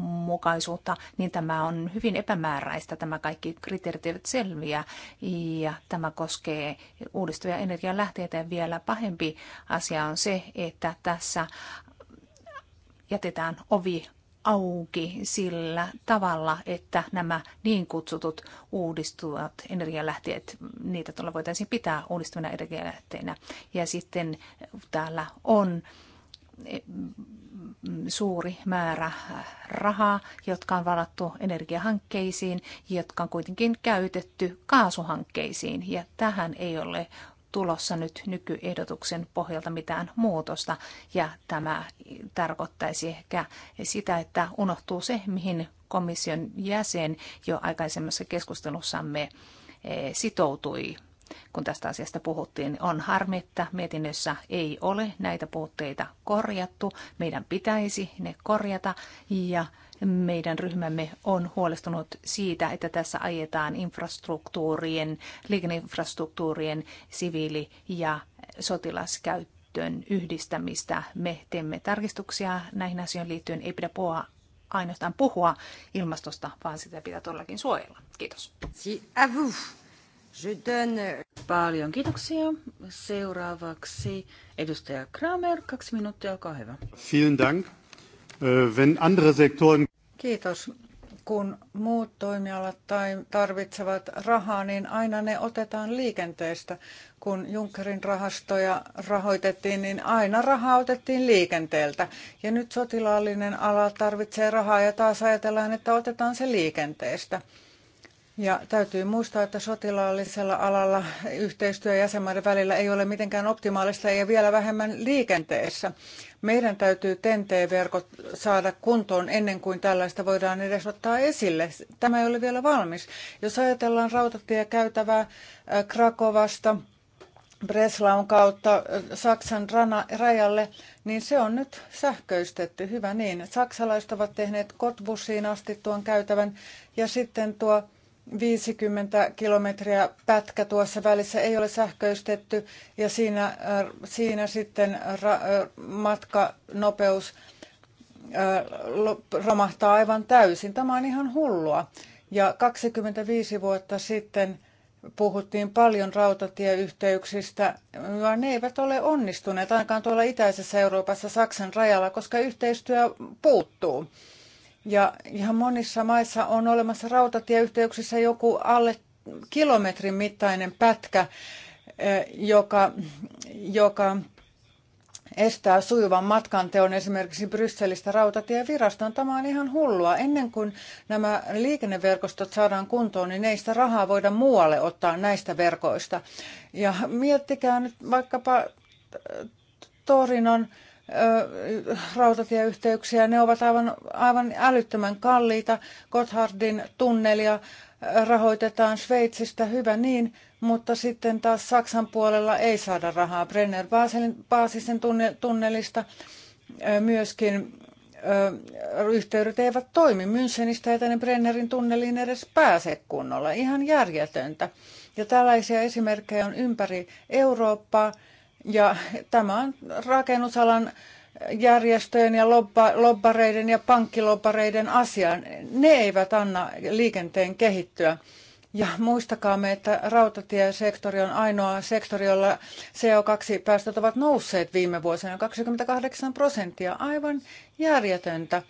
mukaisuutta, niin tämä on hyvin epämääräistä. Tämä kaikki kriteerit eivät selviä ja tämä koskee uudistuvia energialähteitä. Ja vielä pahempi asia on se, että tässä jätetään ovi auki sillä tavalla, että nämä niin kutsutut uudistuvat energialähteet, niitä tuolla voitaisiin pitää uudistuvina energialähteinä. Ja sitten täällä on suuri määrä äh, rahaa, jotka on varattu energiahankkeisiin, jotka on kuitenkin käytetty kaasuhankkeisiin. Ja tähän ei ole tulossa nyt nykyehdotuksen pohjalta mitään muutosta. Ja tämä tarkoittaisi ehkä sitä, että unohtuu se, mihin komission jäsen jo aikaisemmassa keskustelussamme eh, sitoutui kun tästä asiasta puhuttiin. Niin on harmi, että mietinnössä ei ole näitä puutteita korjattu. Meidän pitäisi ne korjata ja meidän ryhmämme on huolestunut siitä, että tässä ajetaan infrastruktuurien, liikenneinfrastruktuurien siviili- ja sotilaskäyttöön yhdistämistä. Me teemme tarkistuksia näihin asioihin liittyen. Ei pidä puhua ainoastaan puhua ilmastosta, vaan sitä pitää todellakin suojella. Kiitos. Si, à vous. Paljon kiitoksia. Seuraavaksi edustaja Kramer, kaksi minuuttia, olkaa hyvä. Vielen Dank. Äh, wenn andere Sektoren... Kiitos. Kun muut toimialat tai tarvitsevat rahaa, niin aina ne otetaan liikenteestä. Kun Junckerin rahastoja rahoitettiin, niin aina rahaa otettiin liikenteeltä. Ja nyt sotilaallinen ala tarvitsee rahaa ja taas ajatellaan, että otetaan se liikenteestä. Ja täytyy muistaa, että sotilaallisella alalla yhteistyö jäsenmaiden välillä ei ole mitenkään optimaalista ja vielä vähemmän liikenteessä. Meidän täytyy TNT-verkot saada kuntoon ennen kuin tällaista voidaan edes ottaa esille. Tämä ei ole vielä valmis. Jos ajatellaan rautatiekäytävää äh, Krakovasta, Breslaun kautta äh, Saksan rana, rajalle, niin se on nyt sähköistetty. Hyvä niin. Saksalaiset ovat tehneet Kotbussiin asti tuon käytävän ja sitten tuo 50 kilometriä pätkä tuossa välissä ei ole sähköistetty ja siinä, äh, siinä sitten ra, äh, matkanopeus äh, romahtaa aivan täysin. Tämä on ihan hullua. Ja 25 vuotta sitten puhuttiin paljon rautatieyhteyksistä, ja ne eivät ole onnistuneet ainakaan tuolla itäisessä Euroopassa Saksan rajalla, koska yhteistyö puuttuu. Ja ihan monissa maissa on olemassa rautatieyhteyksissä joku alle kilometrin mittainen pätkä, eh, joka, joka estää sujuvan matkanteon esimerkiksi Brysselistä rautatievirastoon. Tämä on ihan hullua. Ennen kuin nämä liikenneverkostot saadaan kuntoon, niin neistä rahaa voidaan muualle ottaa näistä verkoista. Ja miettikää nyt vaikkapa Torinon rautatieyhteyksiä. Ne ovat aivan, aivan älyttömän kalliita. Gotthardin tunnelia rahoitetaan Sveitsistä, hyvä niin, mutta sitten taas Saksan puolella ei saada rahaa. Brenner Baasisen tunnelista myöskin yhteydet eivät toimi. Münchenistä ei tänne Brennerin tunneliin edes pääse kunnolla. Ihan järjetöntä. Ja tällaisia esimerkkejä on ympäri Eurooppaa. Ja tämä on rakennusalan järjestöjen ja lobbareiden ja pankkilobbareiden asia. Ne eivät anna liikenteen kehittyä. Ja muistakaamme, että rautatiesektori on ainoa sektori, jolla CO2-päästöt ovat nousseet viime vuosina 28 prosenttia. Aivan järjetöntä.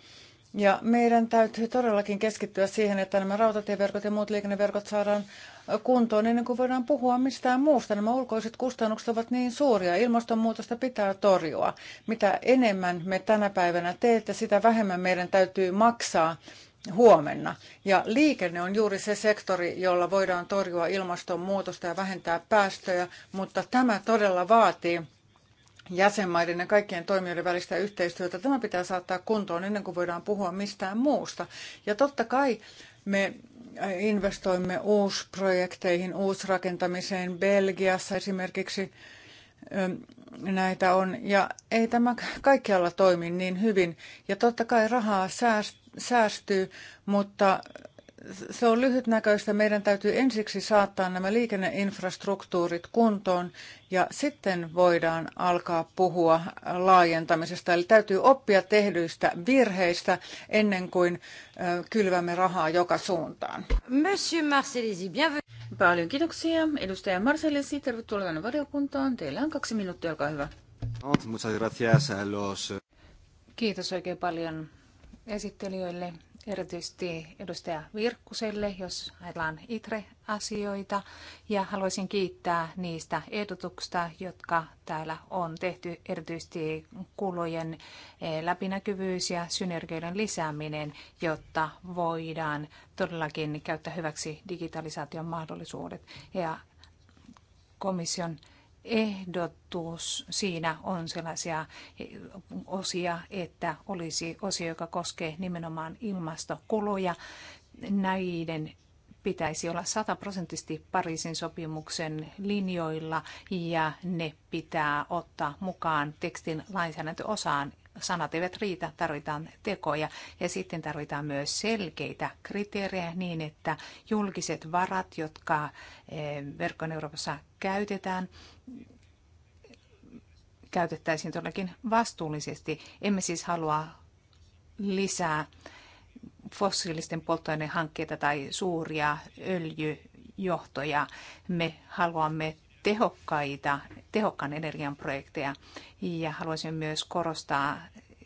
Ja meidän täytyy todellakin keskittyä siihen, että nämä rautatieverkot ja muut liikenneverkot saadaan kuntoon ennen kuin voidaan puhua mistään muusta. Nämä ulkoiset kustannukset ovat niin suuria. Ilmastonmuutosta pitää torjua. Mitä enemmän me tänä päivänä teette, sitä vähemmän meidän täytyy maksaa huomenna. Ja liikenne on juuri se sektori, jolla voidaan torjua ilmastonmuutosta ja vähentää päästöjä, mutta tämä todella vaatii jäsenmaiden ja kaikkien toimijoiden välistä yhteistyötä. Tämä pitää saattaa kuntoon ennen kuin voidaan puhua mistään muusta. Ja totta kai me investoimme uusprojekteihin, uusrakentamiseen Belgiassa esimerkiksi ähm, näitä on. Ja ei tämä kaikkialla toimi niin hyvin. Ja totta kai rahaa säästyy, mutta se on lyhytnäköistä. Meidän täytyy ensiksi saattaa nämä liikenneinfrastruktuurit kuntoon ja sitten voidaan alkaa puhua laajentamisesta. Eli täytyy oppia tehdyistä virheistä ennen kuin kylvämme rahaa joka suuntaan. Monsieur Marcelisi, bienvenue. Paljon kiitoksia. Edustaja Marcelisi, tervetuloa tänne valiokuntaan. Teillä on kaksi minuuttia, olkaa hyvä. Muchas gracias a Kiitos oikein paljon esittelijöille erityisesti edustaja Virkkuselle, jos ajatellaan ITRE-asioita. Ja haluaisin kiittää niistä ehdotuksista, jotka täällä on tehty, erityisesti kulujen eh, läpinäkyvyys ja synergioiden lisääminen, jotta voidaan todellakin käyttää hyväksi digitalisaation mahdollisuudet. Ja komission ehdotus, siinä on sellaisia osia, että olisi osio, joka koskee nimenomaan ilmastokuluja. Näiden pitäisi olla sataprosenttisesti Pariisin sopimuksen linjoilla ja ne pitää ottaa mukaan tekstin lainsäädäntöosaan sanat eivät riitä, tarvitaan tekoja ja sitten tarvitaan myös selkeitä kriteerejä niin, että julkiset varat, jotka eh, verkon Euroopassa käytetään, käytettäisiin todellakin vastuullisesti. Emme siis halua lisää fossiilisten polttoainehankkeita tai suuria öljyjohtoja. Me haluamme tehokkaita, tehokkaan energian projekteja. Ja haluaisin myös korostaa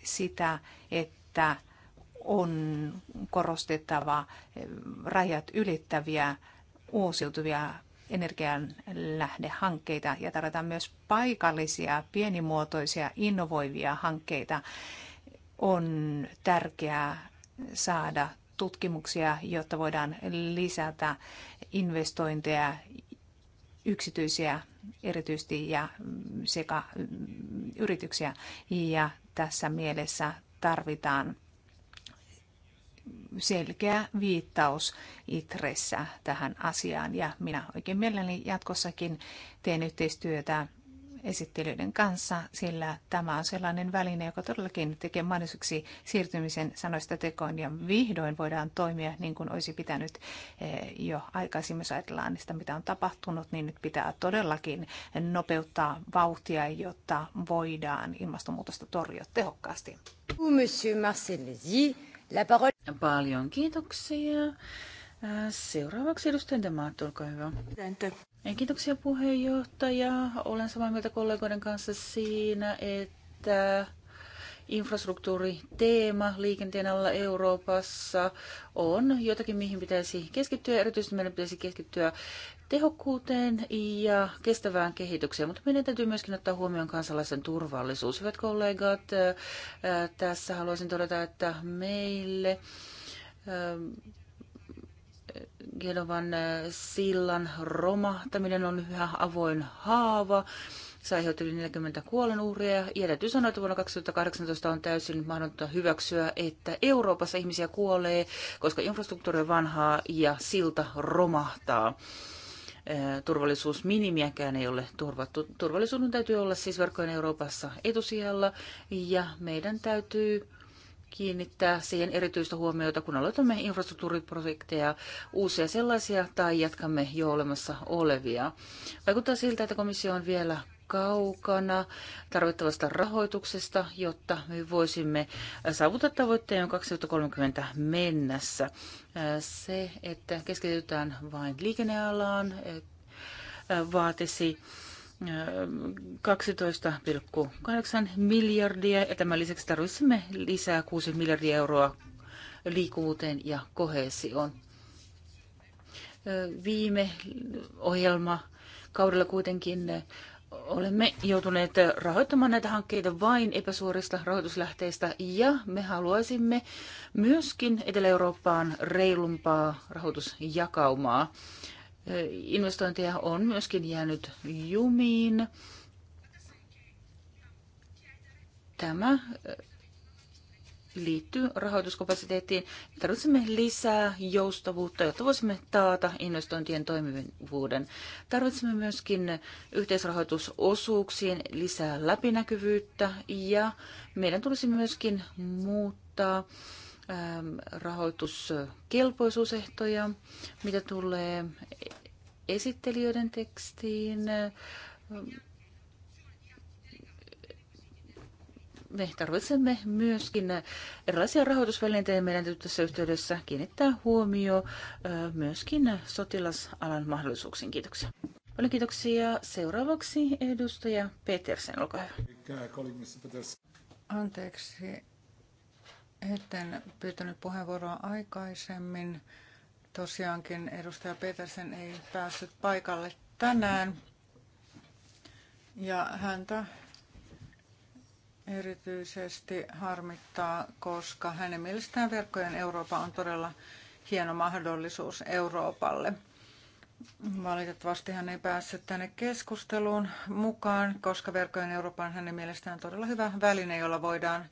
sitä, että on korostettava rajat ylittäviä uusiutuvia energian lähdehankkeita ja tarvitaan myös paikallisia, pienimuotoisia, innovoivia hankkeita. On tärkeää saada tutkimuksia, jotta voidaan lisätä investointeja yksityisiä erityisesti ja sekä yrityksiä. Ja tässä mielessä tarvitaan selkeä viittaus itressä tähän asiaan. Ja minä oikein mielelläni jatkossakin teen yhteistyötä esittelyiden kanssa, sillä tämä on sellainen väline, joka todellakin tekee mahdolliseksi siirtymisen sanoista tekoon ja vihdoin voidaan toimia niin kuin olisi pitänyt eh, jo aikaisemmin ajatellaan sitä, mitä on tapahtunut, niin nyt pitää todellakin nopeuttaa vauhtia, jotta voidaan ilmastonmuutosta torjua tehokkaasti. Monsieur Marcellesi, la parole... Paljon kiitoksia. Seuraavaksi edustaja Demaat, olkaa hyvä. Niin, kiitoksia puheenjohtaja. Olen samaa mieltä kollegoiden kanssa siinä, että infrastruktuuriteema liikenteen alla Euroopassa on jotakin, mihin pitäisi keskittyä. Erityisesti meidän pitäisi keskittyä tehokkuuteen ja kestävään kehitykseen, mutta meidän täytyy myöskin ottaa huomioon kansalaisen turvallisuus. Hyvät kollegat, äh, tässä haluaisin todeta, että meille ähm, Gelovan eh, sillan romahtaminen on yhä avoin haava. Se aiheutti yli 40 kuolonuhria. Ja täytyy sanoa, että vuonna 2018 on täysin mahdotonta hyväksyä, että Euroopassa ihmisiä kuolee, koska infrastruktuuri on vanhaa ja silta romahtaa eh, turvallisuusminimiäkään ei ole turvattu. Turvallisuuden täytyy olla siis verkkojen Euroopassa etusijalla ja meidän täytyy kiinnittää siihen erityistä huomiota, kun aloitamme infrastruktuuriprojekteja, uusia sellaisia tai jatkamme jo olemassa olevia. Vaikuttaa siltä, että komissio on vielä kaukana tarvittavasta rahoituksesta, jotta me voisimme saavuttaa tavoitteen 2030 mennessä. Se, että keskitytään vain liikennealaan, vaatisi 12,8 miljardia ja tämän lisäksi tarvitsemme lisää 6 miljardia euroa liikkuvuuteen ja kohesioon. Viime ohjelma kaudella kuitenkin olemme joutuneet rahoittamaan näitä hankkeita vain epäsuorista rahoituslähteistä ja me haluaisimme myöskin Etelä-Eurooppaan reilumpaa rahoitusjakaumaa investointeja on myöskin jäänyt jumiin. Tämä liittyy rahoituskapasiteettiin. tarvitsemme lisää joustavuutta, jotta voisimme taata investointien toimivuuden. Tarvitsemme myöskin yhteisrahoitusosuuksiin lisää läpinäkyvyyttä ja meidän tulisi myöskin muuttaa Ähm, rahoituskelpoisuusehtoja, mitä tulee esittelijöiden tekstiin. Me tarvitsemme myöskin erilaisia rahoitusvälineitä ja meidän täytyy tässä yhteydessä kiinnittää huomio äh, myöskin sotilasalan mahdollisuuksiin. Kiitoksia. Paljon kiitoksia. Seuraavaksi edustaja Petersen, olkaa hyvä. Anteeksi, etten pyytänyt puheenvuoroa aikaisemmin. Tosiaankin edustaja Petersen ei päässyt paikalle tänään. Ja häntä erityisesti harmittaa, koska hänen mielestään verkkojen Eurooppa on todella hieno mahdollisuus Euroopalle. Valitettavasti hän ei päässyt tänne keskusteluun mukaan, koska verkkojen Euroopan hänen mielestään todella hyvä väline, jolla voidaan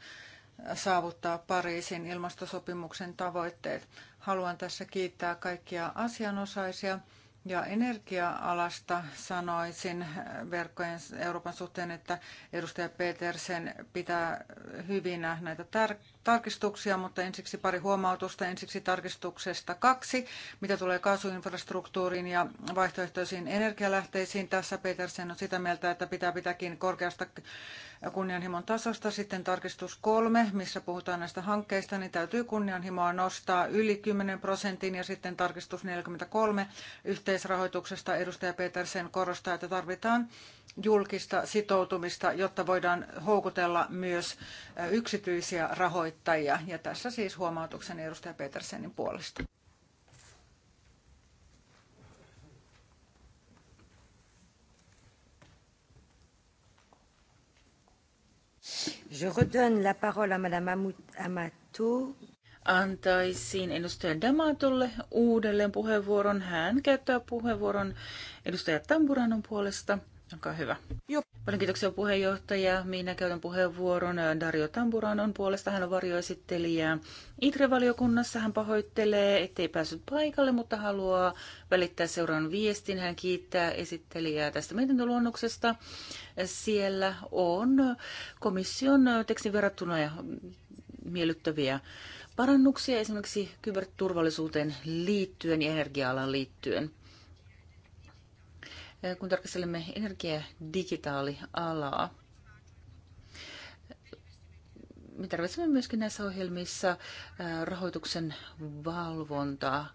saavuttaa Pariisin ilmastosopimuksen tavoitteet. Haluan tässä kiittää kaikkia asianosaisia. Ja energia-alasta sanoisin verkkojen Euroopan suhteen, että edustaja Petersen pitää hyvinä näitä tärkeitä tarkistuksia, mutta ensiksi pari huomautusta. Ensiksi tarkistuksesta kaksi, mitä tulee kaasuinfrastruktuuriin ja vaihtoehtoisiin energialähteisiin. Tässä Petersen on sitä mieltä, että pitää pitääkin korkeasta kunnianhimon tasosta. Sitten tarkistus kolme, missä puhutaan näistä hankkeista, niin täytyy kunnianhimoa nostaa yli 10 prosentin. Ja sitten tarkistus 43 yhteisrahoituksesta. Edustaja Petersen korostaa, että tarvitaan julkista sitoutumista, jotta voidaan houkutella myös yksityisiä rahoittajia. Ja tässä siis huomautukseni edustaja Petersenin puolesta. Je redonne la parole à Madame Amato. Antaisin edustaja Damatolle uudelleen puheenvuoron. Hän käyttää puheenvuoron edustaja Tamburanon puolesta. Olkaa hyvä. Joo. Paljon kiitoksia puheenjohtaja. Minä käytän puheenvuoron Dario Tamburanon puolesta. Hän on varjoesittelijä. ITRE-valiokunnassa hän pahoittelee, ettei päässyt paikalle, mutta haluaa välittää seuraavan viestin. Hän kiittää esittelijää tästä mietintöluonnoksesta. Siellä on komission tekstin verrattuna ja miellyttäviä parannuksia esimerkiksi kyberturvallisuuteen liittyen ja energia-alan liittyen kun tarkastelemme energia- digitaalialaa. Me tarvitsemme myöskin näissä ohjelmissa rahoituksen valvontaa.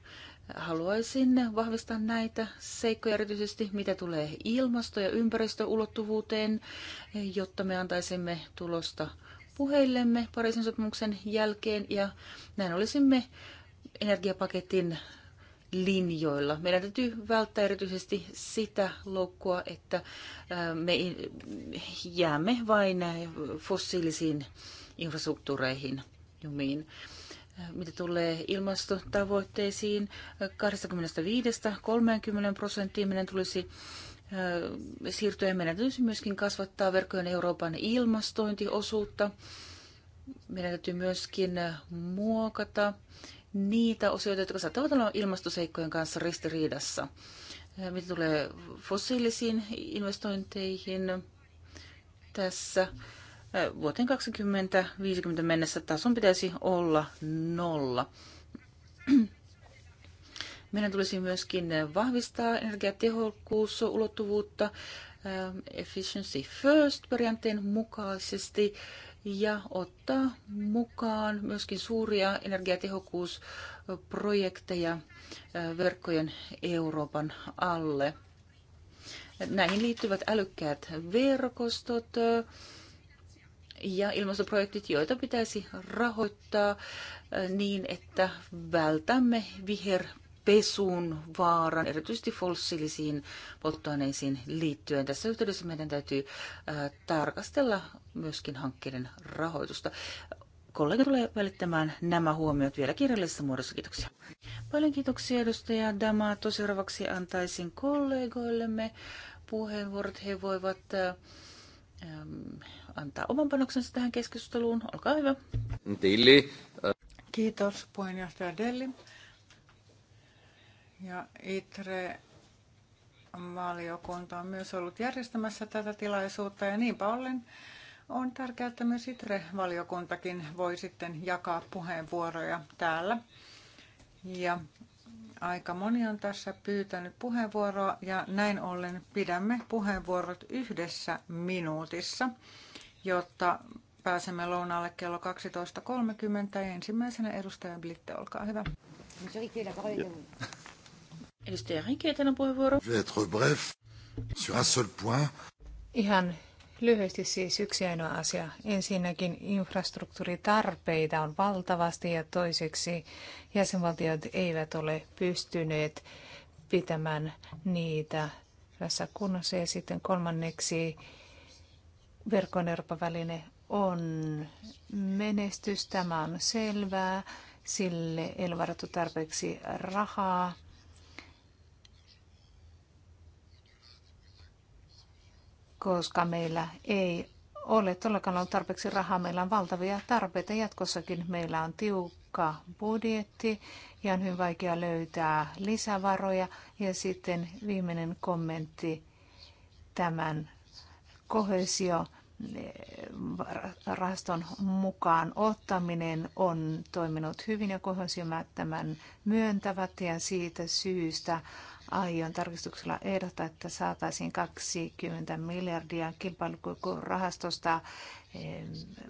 Haluaisin vahvistaa näitä seikkoja erityisesti, mitä tulee ilmasto- ja ympäristöulottuvuuteen, jotta me antaisimme tulosta puheillemme Pariisin sopimuksen jälkeen ja näin olisimme energiapaketin linjoilla. Meidän täytyy välttää erityisesti sitä loukkua, että me jäämme vain fossiilisiin infrastruktuureihin jumiin. Mitä tulee ilmastotavoitteisiin, 25-30 prosenttia meidän tulisi siirtyä. Meidän tulisi myöskin kasvattaa verkkojen Euroopan ilmastointiosuutta. Meidän täytyy myöskin muokata niitä osioita, jotka saattavat olla ilmastoseikkojen kanssa ristiriidassa. Mitä tulee fossiilisiin investointeihin tässä, vuoteen 2050 mennessä tason pitäisi olla nolla. Meidän tulisi myöskin vahvistaa energiatehokkuusulottuvuutta efficiency first periaatteen mukaisesti ja ottaa mukaan myöskin suuria energiatehokkuusprojekteja verkkojen Euroopan alle. Näihin liittyvät älykkäät verkostot ja ilmastoprojektit, joita pitäisi rahoittaa niin, että vältämme viher pesun vaaran, erityisesti fossiilisiin polttoaineisiin liittyen. Tässä yhteydessä meidän täytyy tarkastella myöskin hankkeiden rahoitusta. Kollega tulee välittämään nämä huomiot vielä kirjallisessa muodossa. Kiitoksia. Paljon kiitoksia edustaja Dama. Tosiaan antaisin kollegoillemme puheenvuorot. He voivat antaa oman panoksensa tähän keskusteluun. Olkaa hyvä. Kiitos puheenjohtaja Delli. Ja ITRE valiokunta on myös ollut järjestämässä tätä tilaisuutta ja niinpä ollen on tärkeää, että myös ITRE-valiokuntakin voi sitten jakaa puheenvuoroja täällä. Ja aika moni on tässä pyytänyt puheenvuoroa ja näin ollen pidämme puheenvuorot yhdessä minuutissa, jotta pääsemme lounaalle kello 12.30. Ensimmäisenä edustaja Blitte, olkaa hyvä. Edustaja Henkeä, teidän puheenvuoro. bref sur un seul point. Ihan lyhyesti siis yksi ainoa asia. Ensinnäkin infrastruktuuritarpeita on valtavasti ja toiseksi jäsenvaltiot eivät ole pystyneet pitämään niitä hyvässä kunnossa. Ja sitten kolmanneksi verkon Euroopan väline on menestys. Tämä on selvää. Sille ei ole varattu tarpeeksi rahaa koska meillä ei ole todellakaan ollut tarpeeksi rahaa. Meillä on valtavia tarpeita jatkossakin. Meillä on tiukka budjetti ja on hyvin vaikea löytää lisävaroja. Ja sitten viimeinen kommentti tämän kohesio rahaston mukaan ottaminen on toiminut hyvin ja kohdasjumät tämän myöntävät ja siitä syystä aion tarkistuksella ehdottaa, että saataisiin 20 miljardia kilpailukykyrahastosta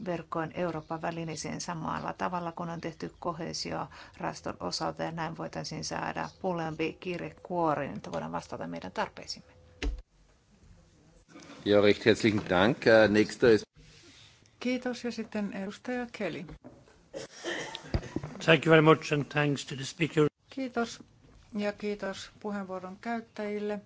verkkoon Euroopan välineeseen samalla tavalla, kun on tehty kohesiorahaston osalta ja näin voitaisiin saada puolempi kirjekuori, että voidaan vastata meidän tarpeisimme. Ja recht herzlichen Dank. Äh, nächster ist... Kiitos ja sitten edustaja Kelly. Thank you very much and thanks to the speaker. Kiitos ja kiitos puheenvuoron käyttäjille.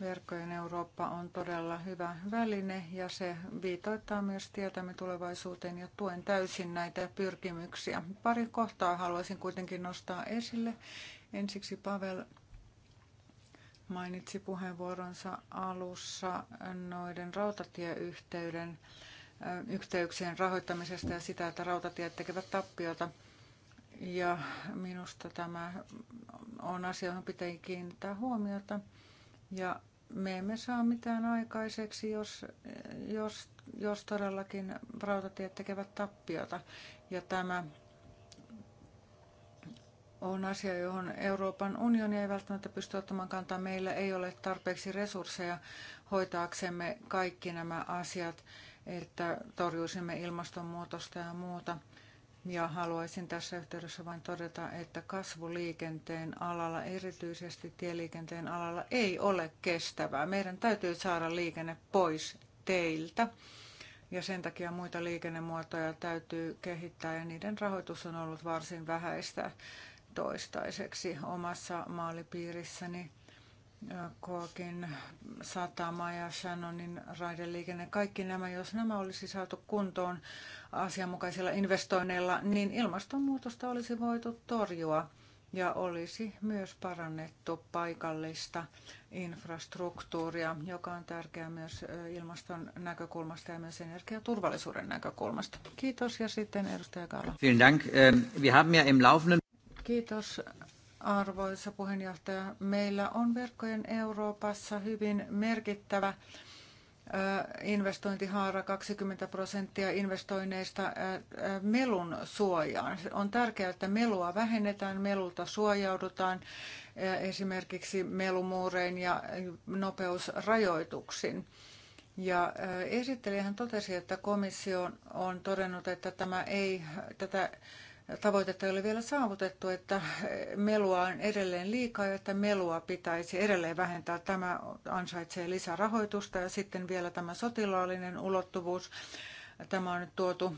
Verkkojen Eurooppa on todella hyvä väline ja se viitoittaa myös tietämme tulevaisuuteen ja tuen täysin näitä pyrkimyksiä. Pari kohtaa haluaisin kuitenkin nostaa esille. Ensiksi Pavel mainitsi puheenvuoronsa alussa noiden rautatieyhteyden yhteyksien rahoittamisesta ja sitä, että rautatiet tekevät tappiota. Ja minusta tämä on asia, johon pitää kiinnittää huomiota. Ja me emme saa mitään aikaiseksi, jos, jos, jos todellakin rautatiet tekevät tappiota. Ja tämä on asia, johon Euroopan unioni ei välttämättä pysty ottamaan kantaa. Meillä ei ole tarpeeksi resursseja hoitaaksemme kaikki nämä asiat, että torjuisimme ilmastonmuutosta ja muuta. Ja haluaisin tässä yhteydessä vain todeta, että kasvuliikenteen alalla, erityisesti tieliikenteen alalla, ei ole kestävää. Meidän täytyy saada liikenne pois teiltä ja sen takia muita liikennemuotoja täytyy kehittää ja niiden rahoitus on ollut varsin vähäistä toistaiseksi omassa maalipiirissäni. Kookin satama ja Shannonin raideliikenne, kaikki nämä, jos nämä olisi saatu kuntoon asianmukaisilla investoinneilla, niin ilmastonmuutosta olisi voitu torjua ja olisi myös parannettu paikallista infrastruktuuria, joka on tärkeää myös ilmaston näkökulmasta ja myös energiaturvallisuuden näkökulmasta. Kiitos ja sitten edustaja Kaala. Vielen Dank. Ähm, wir haben ja im laufenden Kiitos arvoisa puheenjohtaja. Meillä on verkkojen Euroopassa hyvin merkittävä investointihaara 20 prosenttia investoinneista melun suojaan. On tärkeää, että melua vähennetään, melulta suojaudutaan esimerkiksi melumuurein ja nopeusrajoituksin. Ja esittelijähän totesi, että komissio on todennut, että tämä ei, tätä tavoitetta ei ole vielä saavutettu, että melua on edelleen liikaa ja että melua pitäisi edelleen vähentää. Tämä ansaitsee lisärahoitusta ja sitten vielä tämä sotilaallinen ulottuvuus. Tämä on nyt tuotu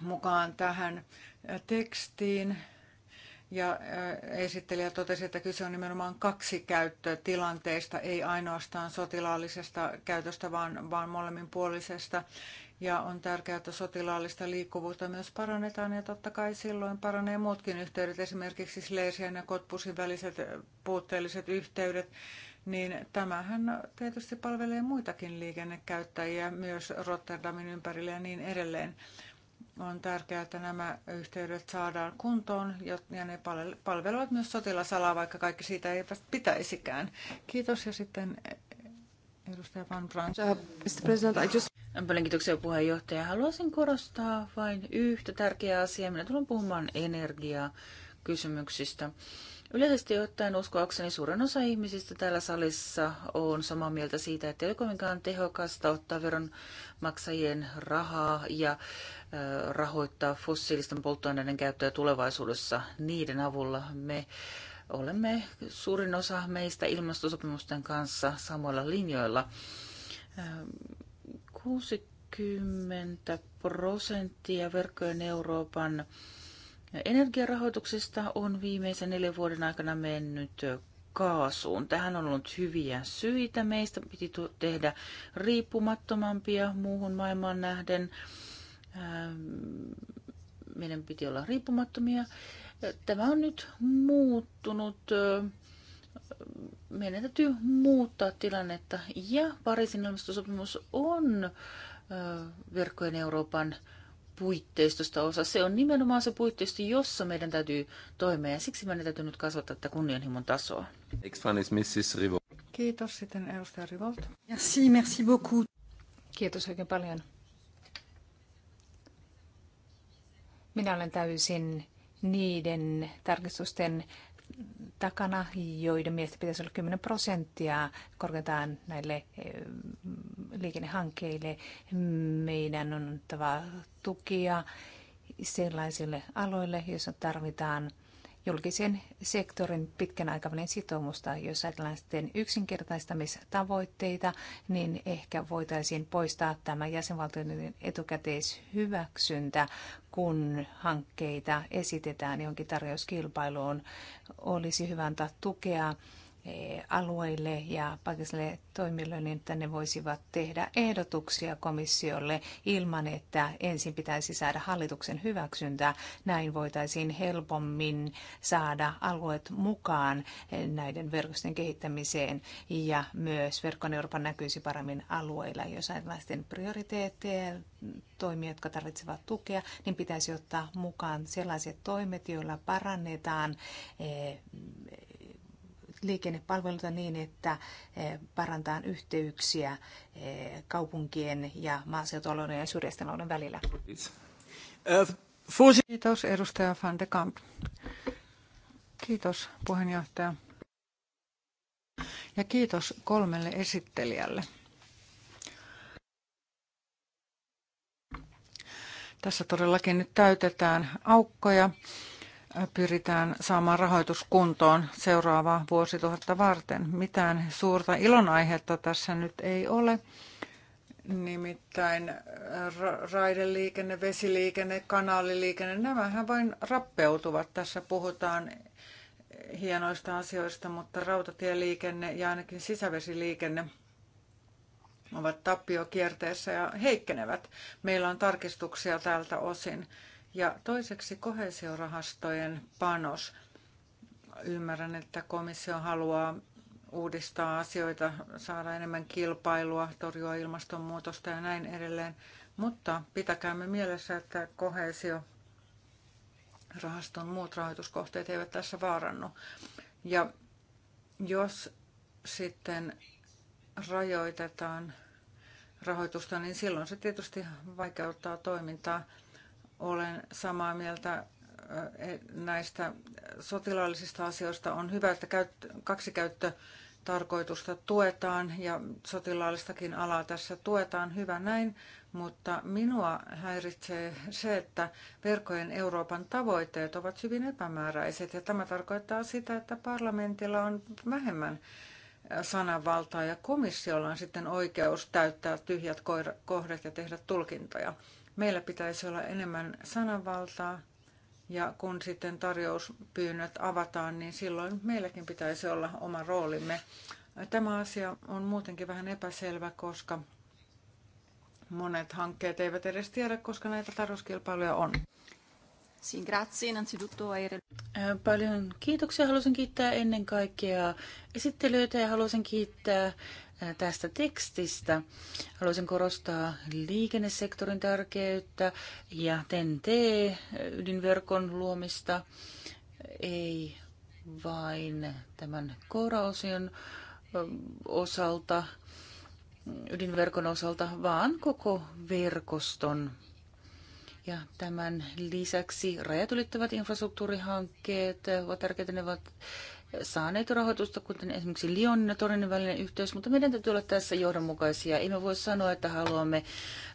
mukaan tähän tekstiin. Ja äh, esittelijä totesi, että kyse on nimenomaan käyttötilanteista, ei ainoastaan sotilaallisesta käytöstä, vaan, vaan molemminpuolisesta. Ja on tärkeää, että sotilaallista liikkuvuutta myös parannetaan ja totta kai silloin paranee muutkin yhteydet, esimerkiksi Sleesian ja Kotpusin väliset eh, puutteelliset yhteydet, niin tämähän tietysti palvelee muitakin liikennekäyttäjiä myös Rotterdamin ympärille ja niin edelleen. On tärkeää, että nämä yhteydet saadaan kuntoon ja ne palvelevat myös sotilasalaa, vaikka kaikki siitä ei pitäisikään. Kiitos ja sitten eh, edustaja Van Brandt. Mr. President, I just... Paljon kiitoksia puheenjohtaja. Haluaisin korostaa vain yhtä tärkeää asiaa. Minä tulen puhumaan energiaa kysymyksistä. Yleisesti ottaen uskoakseni suurin osa ihmisistä täällä salissa on samaa mieltä siitä, että ei ole kovinkaan tehokasta ottaa veronmaksajien rahaa ja rahoittaa fossiilisten polttoaineiden käyttöä tulevaisuudessa. Niiden avulla me olemme suurin osa meistä ilmastosopimusten kanssa samoilla linjoilla. 60 prosenttia verkkojen Euroopan energiarahoituksesta on viimeisen neljän vuoden aikana mennyt kaasuun. Tähän on ollut hyviä syitä. Meistä piti tehdä riippumattomampia muuhun maailmaan nähden. Ähm, meidän piti olla riippumattomia. Tämä on nyt muuttunut äh, meidän täytyy muuttaa tilannetta. Ja Pariisin ilmastosopimus on verkkojen Euroopan puitteistosta osa. Se on nimenomaan se puitteisto, jossa meidän täytyy toimia ja siksi meidän täytyy nyt kasvattaa tätä kunnianhimon tasoa. Kiitos sitten edustaja Rivolt. Merci, merci beaucoup. Kiitos oikein paljon. Minä olen täysin niiden tarkistusten takana, joiden mielestä pitäisi olla 10 prosenttia korkeintaan näille eh, liikennehankkeille. Meidän on tukia sellaisille aloille, joissa tarvitaan julkisen sektorin pitkän aikavälin sitoumusta, jos ajatellaan sitten yksinkertaistamistavoitteita, niin ehkä voitaisiin poistaa tämä jäsenvaltioiden etukäteishyväksyntä, kun hankkeita esitetään johonkin tarjouskilpailuun. Olisi hyvä antaa tukea alueille ja paikallisille toimijoille, niin että ne voisivat tehdä ehdotuksia komissiolle ilman, että ensin pitäisi saada hallituksen hyväksyntää. Näin voitaisiin helpommin saada alueet mukaan näiden verkosten kehittämiseen ja myös verkon Eurooppa näkyisi paremmin alueilla. Jos ajatellaan prioriteetteja toimia, jotka tarvitsevat tukea, niin pitäisi ottaa mukaan sellaiset toimet, joilla parannetaan eh, liikennepalveluita niin, että eh, parantaa yhteyksiä eh, kaupunkien ja maaseutualueiden ja syrjäisten välillä. Kiitos edustaja Van de Kamp. Kiitos puheenjohtaja. Ja kiitos kolmelle esittelijälle. Tässä todellakin nyt täytetään aukkoja pyritään saamaan rahoitus kuntoon seuraavaa vuosituhatta varten. Mitään suurta ilonaihetta tässä nyt ei ole. Nimittäin ra- raideliikenne, vesiliikenne, kanaaliliikenne, nämähän vain rappeutuvat. Tässä puhutaan hienoista asioista, mutta rautatieliikenne ja ainakin sisävesiliikenne ovat tappiokierteessä ja heikkenevät. Meillä on tarkistuksia tältä osin. Ja toiseksi kohesiorahastojen panos. Ymmärrän, että komissio haluaa uudistaa asioita, saada enemmän kilpailua, torjua ilmastonmuutosta ja näin edelleen. Mutta pitäkäämme mielessä, että kohesio rahaston muut rahoituskohteet eivät tässä vaarannu. Ja jos sitten rajoitetaan rahoitusta, niin silloin se tietysti vaikeuttaa toimintaa. Olen samaa mieltä e, näistä sotilaallisista asioista. On hyvä, että kaksikäyttö tarkoitusta tuetaan ja sotilaallistakin alaa tässä tuetaan, hyvä näin, mutta minua häiritsee se, että verkojen Euroopan tavoitteet ovat hyvin epämääräiset ja tämä tarkoittaa sitä, että parlamentilla on vähemmän sananvaltaa ja komissiolla on sitten oikeus täyttää tyhjät kohdat ja tehdä tulkintoja. Meillä pitäisi olla enemmän sananvaltaa ja kun sitten tarjouspyynnöt avataan, niin silloin meilläkin pitäisi olla oma roolimme. Tämä asia on muutenkin vähän epäselvä, koska monet hankkeet eivät edes tiedä, koska näitä tarjouskilpailuja on. Paljon kiitoksia. Haluaisin kiittää ennen kaikkea esittelyitä ja haluaisin kiittää tästä tekstistä. Haluaisin korostaa liikennesektorin tärkeyttä ja TEN-T-ydinverkon luomista, ei vain tämän kouraosion osalta, ydinverkon osalta, vaan koko verkoston. Ja tämän lisäksi rajat ylittävät infrastruktuurihankkeet ovat tärkeitä, ne ovat saaneet rahoitusta, kuten esimerkiksi Lyonin ja Torinin välinen yhteys, mutta meidän täytyy olla tässä johdonmukaisia. Emme voi sanoa, että haluamme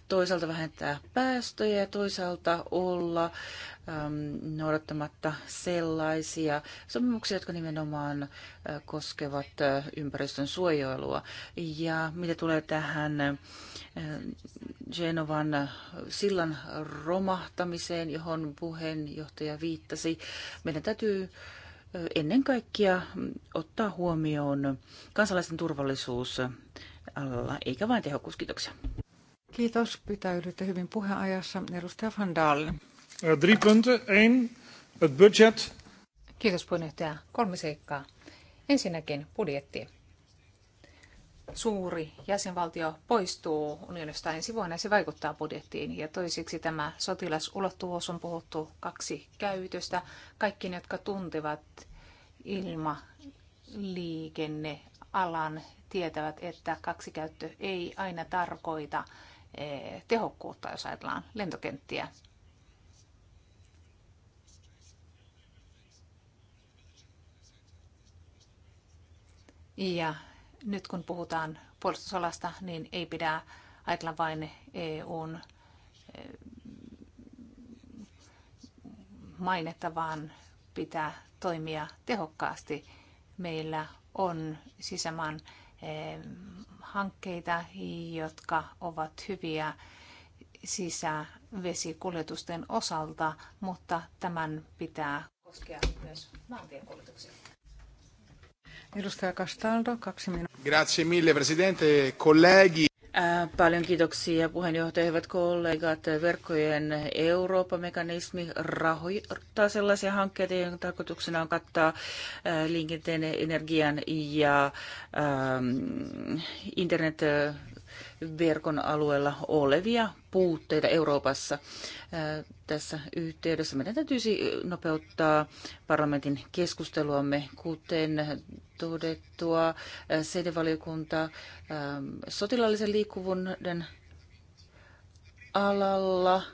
toisaalta vähentää päästöjä ja toisaalta olla äm, noudattamatta sellaisia sopimuksia, jotka nimenomaan ä, äh, koskevat ä, äh, ympäristön suojelua. Ja mitä tulee tähän ä, äh, Genovan sillan romahtamiseen, johon puheenjohtaja viittasi, meidän täytyy ennen kaikkea ottaa huomioon kansalaisten turvallisuus alalla, eikä vain tehokkuus. Kiitoksia. Kiitos. Pitäydytte hyvin puheenajassa. Edustaja Van Dalen. Eh, budget. Kiitos puheenjohtaja. Kolme seikkaa. Ensinnäkin budjetti suuri jäsenvaltio poistuu unionista ensi vuonna ja se vaikuttaa budjettiin. Ja toiseksi tämä sotilasulottuvuus on puhuttu kaksi käytöstä. Kaikki ne, jotka tuntevat ilmaliikennealan, tietävät, että kaksi käyttö ei aina tarkoita eh, tehokkuutta, jos ajatellaan lentokenttiä. Ja nyt kun puhutaan puolustusalasta, niin ei pidä ajatella vain EUn eh, mainetta, vaan pitää toimia tehokkaasti. Meillä on sisämaan eh, hankkeita, jotka ovat hyviä sisävesikuljetusten osalta, mutta tämän pitää koskea myös maantiekuljetuksia. Edustaja Castaldo, kaksi minuuttia. Grazie mille, presidente, kollegi. Paljon kiitoksia puheenjohtaja, hyvät kollegat. Verkkojen Eurooppa-mekanismi rahoittaa sellaisia hankkeita, joiden tarkoituksena on kattaa liikenteen, energian ja ähm, internet verkon alueella olevia puutteita Euroopassa. Tässä yhteydessä meidän täytyisi nopeuttaa parlamentin keskusteluamme, kuten todettua CD-valiokunta sotilaallisen liikkuvuuden alalla –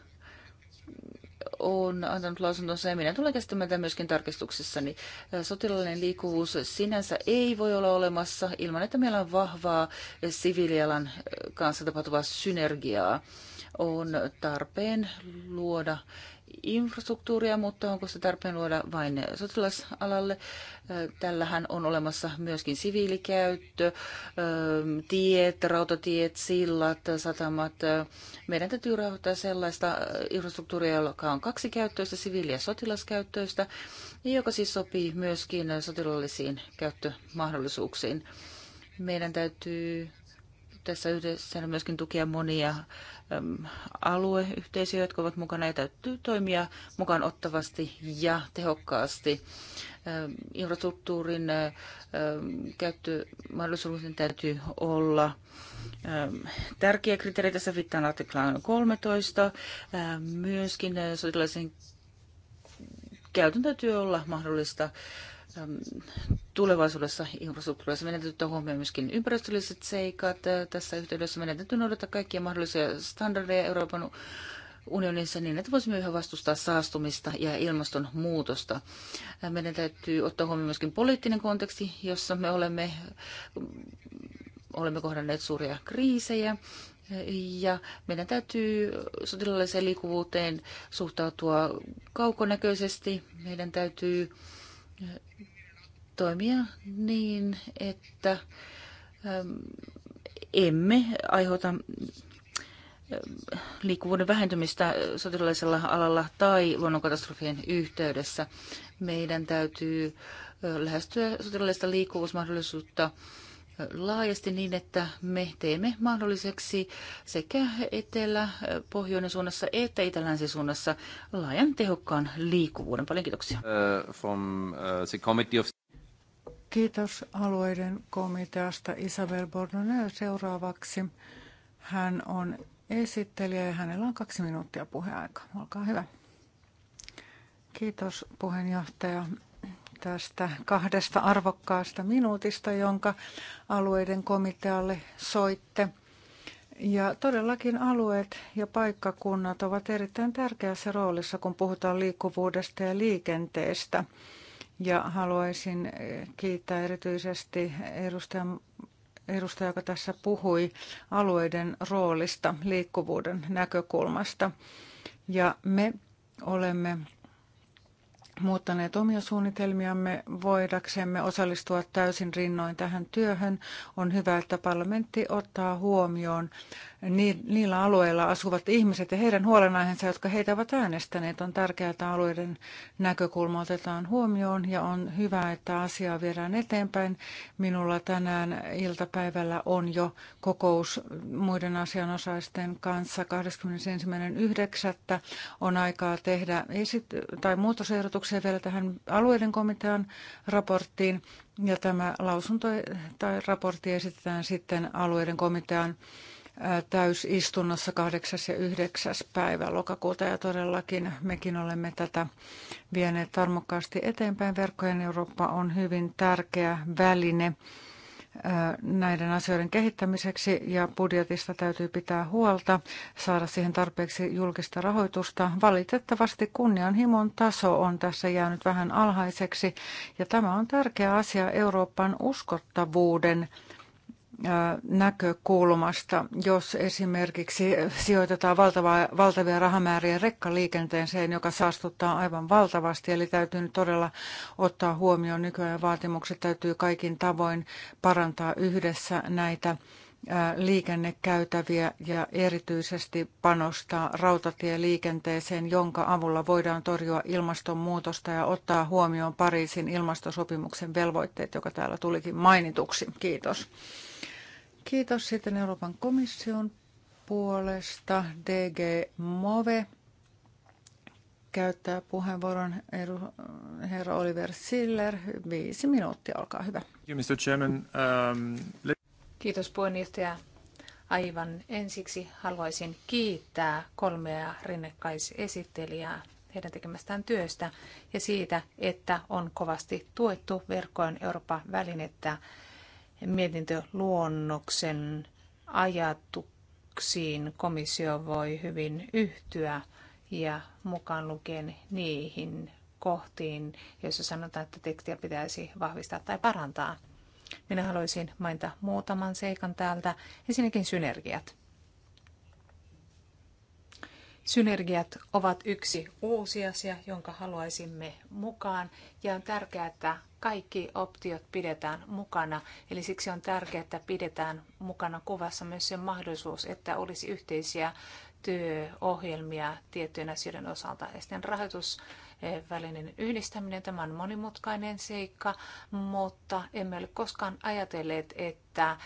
on antanut lausunnon ja minä tulen käsittämään tämän myöskin niin Sotilaallinen liikkuvuus sinänsä ei voi olla olemassa ilman, että meillä on vahvaa siviilialan kanssa tapahtuvaa synergiaa. On tarpeen luoda infrastruktuuria, mutta onko se tarpeen luoda vain sotilasalalle? Tällähän on olemassa myöskin siviilikäyttö, tiet, rautatiet, sillat, satamat. Meidän täytyy rahoittaa sellaista infrastruktuuria, joka on kaksikäyttöistä, siviili- ja sotilaskäyttöistä, joka siis sopii myöskin sotilaallisiin käyttömahdollisuuksiin. Meidän täytyy tässä yhdessä myöskin tukea monia äm, alueyhteisöjä, jotka ovat mukana ja täytyy toimia mukaan ottavasti ja tehokkaasti. Äm, infrastruktuurin käyttömahdollisuuden täytyy olla tärkeä kriteeri. Tässä viittaan artiklaan 13. Äm, myöskin sotilaisen käytön täytyy olla mahdollista. Äm, tulevaisuudessa infrastruktuurissa menetetty huomioon myöskin ympäristölliset seikat. Tässä yhteydessä menetetty noudattaa kaikkia mahdollisia standardeja Euroopan unionissa niin, että voisimme yhä vastustaa saastumista ja ilmastonmuutosta. Meidän täytyy ottaa huomioon myöskin poliittinen konteksti, jossa me olemme, olemme kohdanneet suuria kriisejä. Ja meidän täytyy sotilaalliseen liikkuvuuteen suhtautua kaukonäköisesti. Meidän täytyy toimia niin, että ähm, emme aiheuta ähm, liikkuvuuden vähentymistä sotilaallisella alalla tai luonnonkatastrofien yhteydessä. Meidän täytyy äh, lähestyä sotilaallista liikkuvuusmahdollisuutta laajasti niin, että me teemme mahdolliseksi sekä etelä pohjoinen suunnassa että itälänsi suunnassa laajan tehokkaan liikkuvuuden. Paljon kiitoksia. Uh, from, uh, the committee of... Kiitos alueiden komiteasta Isabel Bordonel seuraavaksi. Hän on esittelijä ja hänellä on kaksi minuuttia puheaika. Olkaa hyvä. Kiitos puheenjohtaja tästä kahdesta arvokkaasta minuutista, jonka alueiden komitealle soitte. Ja todellakin alueet ja paikkakunnat ovat erittäin tärkeässä roolissa, kun puhutaan liikkuvuudesta ja liikenteestä. Ja haluaisin kiittää erityisesti edustajan edustaja, joka tässä puhui alueiden roolista liikkuvuuden näkökulmasta. Ja me olemme muuttaneet omia suunnitelmiamme voidaksemme osallistua täysin rinnoin tähän työhön. On hyvä, että parlamentti ottaa huomioon niillä alueilla asuvat ihmiset ja heidän huolenaiheensa, jotka heitä ovat äänestäneet, on tärkeää, että alueiden näkökulma otetaan huomioon ja on hyvä, että asiaa viedään eteenpäin. Minulla tänään iltapäivällä on jo kokous muiden asianosaisten kanssa 21.9. on aikaa tehdä esit- tai muutosehdotuksia vielä tähän alueiden komitean raporttiin. Ja tämä lausunto tai raportti esitetään sitten alueiden komitean täysistunnossa 8. ja 9. päivä lokakuuta ja todellakin mekin olemme tätä vieneet tarmokkaasti eteenpäin. Verkkojen Eurooppa on hyvin tärkeä väline näiden asioiden kehittämiseksi ja budjetista täytyy pitää huolta, saada siihen tarpeeksi julkista rahoitusta. Valitettavasti kunnianhimon taso on tässä jäänyt vähän alhaiseksi ja tämä on tärkeä asia Euroopan uskottavuuden näkökulmasta, jos esimerkiksi sijoitetaan valtavaa, valtavia rahamääriä rekkaliikenteeseen, joka saastuttaa aivan valtavasti. Eli täytyy nyt todella ottaa huomioon nykyajan vaatimukset, täytyy kaikin tavoin parantaa yhdessä näitä liikennekäytäviä ja erityisesti panostaa rautatieliikenteeseen, jonka avulla voidaan torjua ilmastonmuutosta ja ottaa huomioon Pariisin ilmastosopimuksen velvoitteet, joka täällä tulikin mainituksi. Kiitos. Kiitos sitten Euroopan komission puolesta. DG Move käyttää puheenvuoron edu, herra Oliver Siller. Viisi minuuttia, olkaa hyvä. Um, Kiitos puheenjohtaja. Aivan ensiksi haluaisin kiittää kolmea rinnakkaisesittelijää heidän tekemästään työstä ja siitä, että on kovasti tuettu verkkojen Euroopan välinettä mietintöluonnoksen ajatuksiin komissio voi hyvin yhtyä ja mukaan lukien niihin kohtiin, joissa sanotaan, että tekstiä pitäisi vahvistaa tai parantaa. Minä haluaisin mainita muutaman seikan täältä. Ensinnäkin synergiat. Synergiat ovat yksi uusi asia, jonka haluaisimme mukaan, ja on tärkeää, että kaikki optiot pidetään mukana. Eli siksi on tärkeää, että pidetään mukana kuvassa myös se mahdollisuus, että olisi yhteisiä työohjelmia tiettyjen asioiden osalta. Ja sitten rahoitusvälinen yhdistäminen, tämä on monimutkainen seikka, mutta emme ole koskaan ajatelleet, että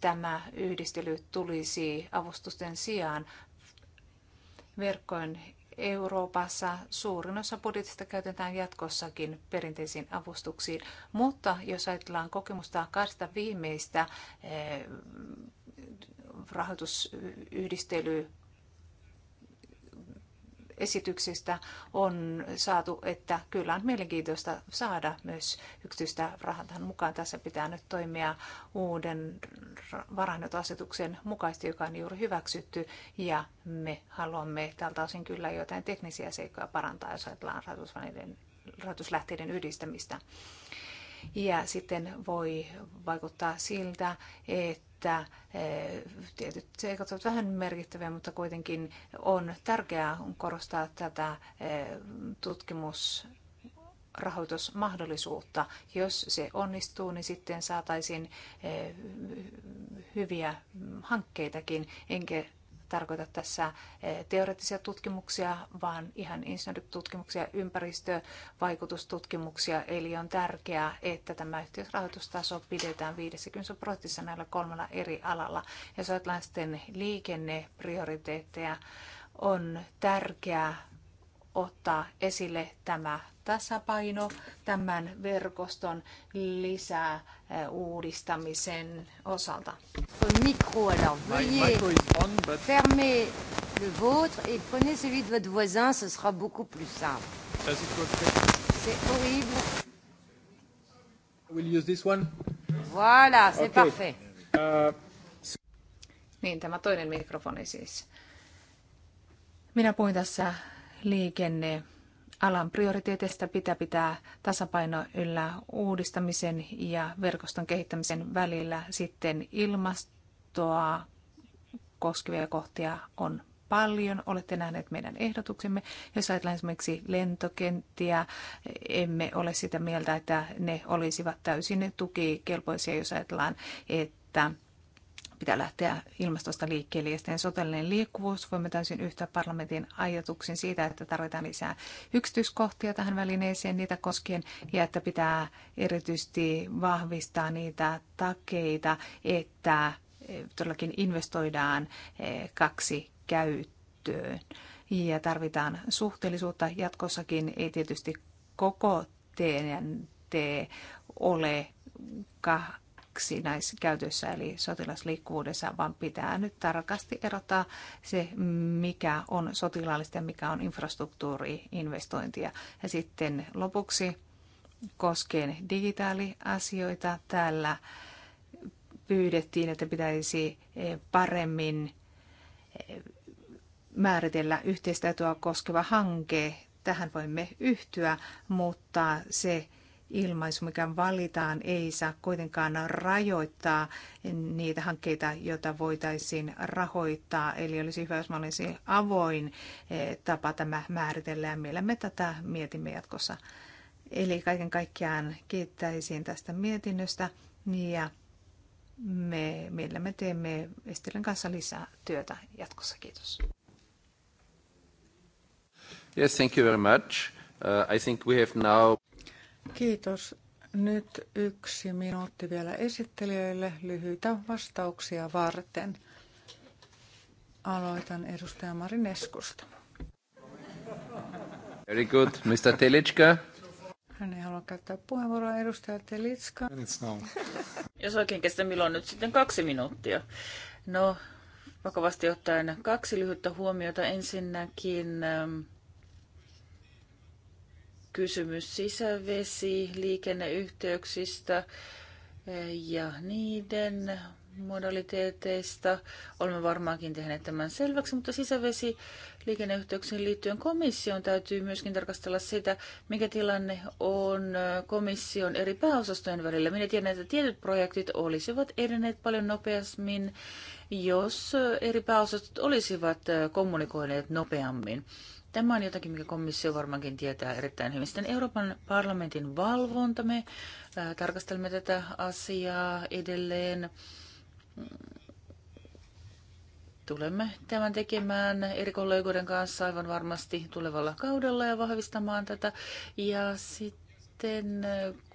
tämä yhdistely tulisi avustusten sijaan, verkkoon Euroopassa suurin osa budjetista käytetään jatkossakin perinteisiin avustuksiin, mutta jos ajatellaan kokemusta kahdesta viimeistä eh, rahoitusyhdistelyä, esityksistä on saatu, että kyllä on mielenkiintoista saada myös yksityistä rahaa tähän mukaan. Tässä pitää nyt toimia uuden varainhoitoasetuksen mukaisesti, joka on juuri hyväksytty, ja me haluamme tältä osin kyllä jotain teknisiä seikkoja parantaa, jos ajatellaan rahoituslähteiden yhdistämistä ja sitten voi vaikuttaa siltä, että eh, tietyt seikat ovat vähän merkittäviä, mutta kuitenkin on tärkeää korostaa tätä eh, tutkimus rahoitusmahdollisuutta. Jos se onnistuu, niin sitten saataisiin eh, hyviä hankkeitakin, enkä tarkoita tässä eh, teoreettisia tutkimuksia, vaan ihan insinööritutkimuksia, ympäristövaikutustutkimuksia. Eli on tärkeää, että tämä yhteisrahoitustaso pidetään 50 prosentissa näillä kolmella eri alalla. Ja sitten liikenneprioriteetteja on tärkeää ottaa esille tämä tasapaino tämän verkoston lisää eh, uudistamisen osalta. Micro, alors veuillez fermer le vôtre et prenez celui de votre voisin, ce sera beaucoup plus simple. C'est horrible. We'll use this one. Voilà, c'est okay. parfait. Uh... Niin, tämä toinen mikrofoni siis. Minä puhuin tässä liikenne alan prioriteeteista pitää pitää tasapaino yllä uudistamisen ja verkoston kehittämisen välillä. Sitten ilmastoa koskevia kohtia on paljon. Olette nähneet meidän ehdotuksemme. Jos ajatellaan esimerkiksi lentokenttiä, emme ole sitä mieltä, että ne olisivat täysin tukikelpoisia, jos ajatellaan, että pitää lähteä ilmastosta liikkeelle. Ja sitten sotellinen liikkuvuus, voimme täysin yhtä parlamentin ajatuksiin siitä, että tarvitaan lisää yksityiskohtia tähän välineeseen niitä koskien, ja että pitää erityisesti vahvistaa niitä takeita, että e, todellakin investoidaan e, kaksi käyttöön. Ja tarvitaan suhteellisuutta jatkossakin, ei tietysti koko TNT ole kaksi näissä käytössä eli sotilasliikkuvuudessa, vaan pitää nyt tarkasti erottaa se, mikä on sotilaallista ja mikä on infrastruktuuriinvestointia. Ja sitten lopuksi koskien digitaaliasioita täällä pyydettiin, että pitäisi eh, paremmin eh, määritellä yhteistyötä koskeva hanke. Tähän voimme yhtyä, mutta se ilmaisu, mikä valitaan, ei saa kuitenkaan rajoittaa niitä hankkeita, joita voitaisiin rahoittaa. Eli olisi hyvä, jos olisi avoin eh, tapa tämä määritellä ja millä me tätä mietimme jatkossa. Eli kaiken kaikkiaan kiittäisin tästä mietinnöstä ja me, millä me teemme Estilän kanssa lisää työtä jatkossa. Kiitos. Yes, thank you very much. Uh, I think we have now Kiitos. Nyt yksi minuutti vielä esittelijöille lyhyitä vastauksia varten. Aloitan edustaja Marineskusta. Very good. Mr. Telitska. Hän ei halua käyttää puheenvuoroa edustaja Telitska. Jos oikein kestä, milloin nyt sitten kaksi minuuttia? No, vakavasti ottaen kaksi lyhyttä huomiota. Ensinnäkin ähm, kysymys sisävesi, liikenneyhteyksistä eh, ja niiden modaliteeteista. Olemme varmaankin tehneet tämän selväksi, mutta sisävesi liikenneyhteyksiin liittyen komission täytyy myöskin tarkastella sitä, mikä tilanne on eh, komission eri pääosastojen välillä. Minä tiedän, että tietyt projektit olisivat edenneet paljon nopeammin, jos eh, eri pääosastot olisivat kommunikoineet nopeammin. Tämä on jotakin, mikä komissio varmaankin tietää erittäin hyvin. Sitten Euroopan parlamentin valvonta. Me tarkastelemme tätä asiaa edelleen. Tulemme tämän tekemään eri kollegoiden kanssa aivan varmasti tulevalla kaudella ja vahvistamaan tätä. Ja sitten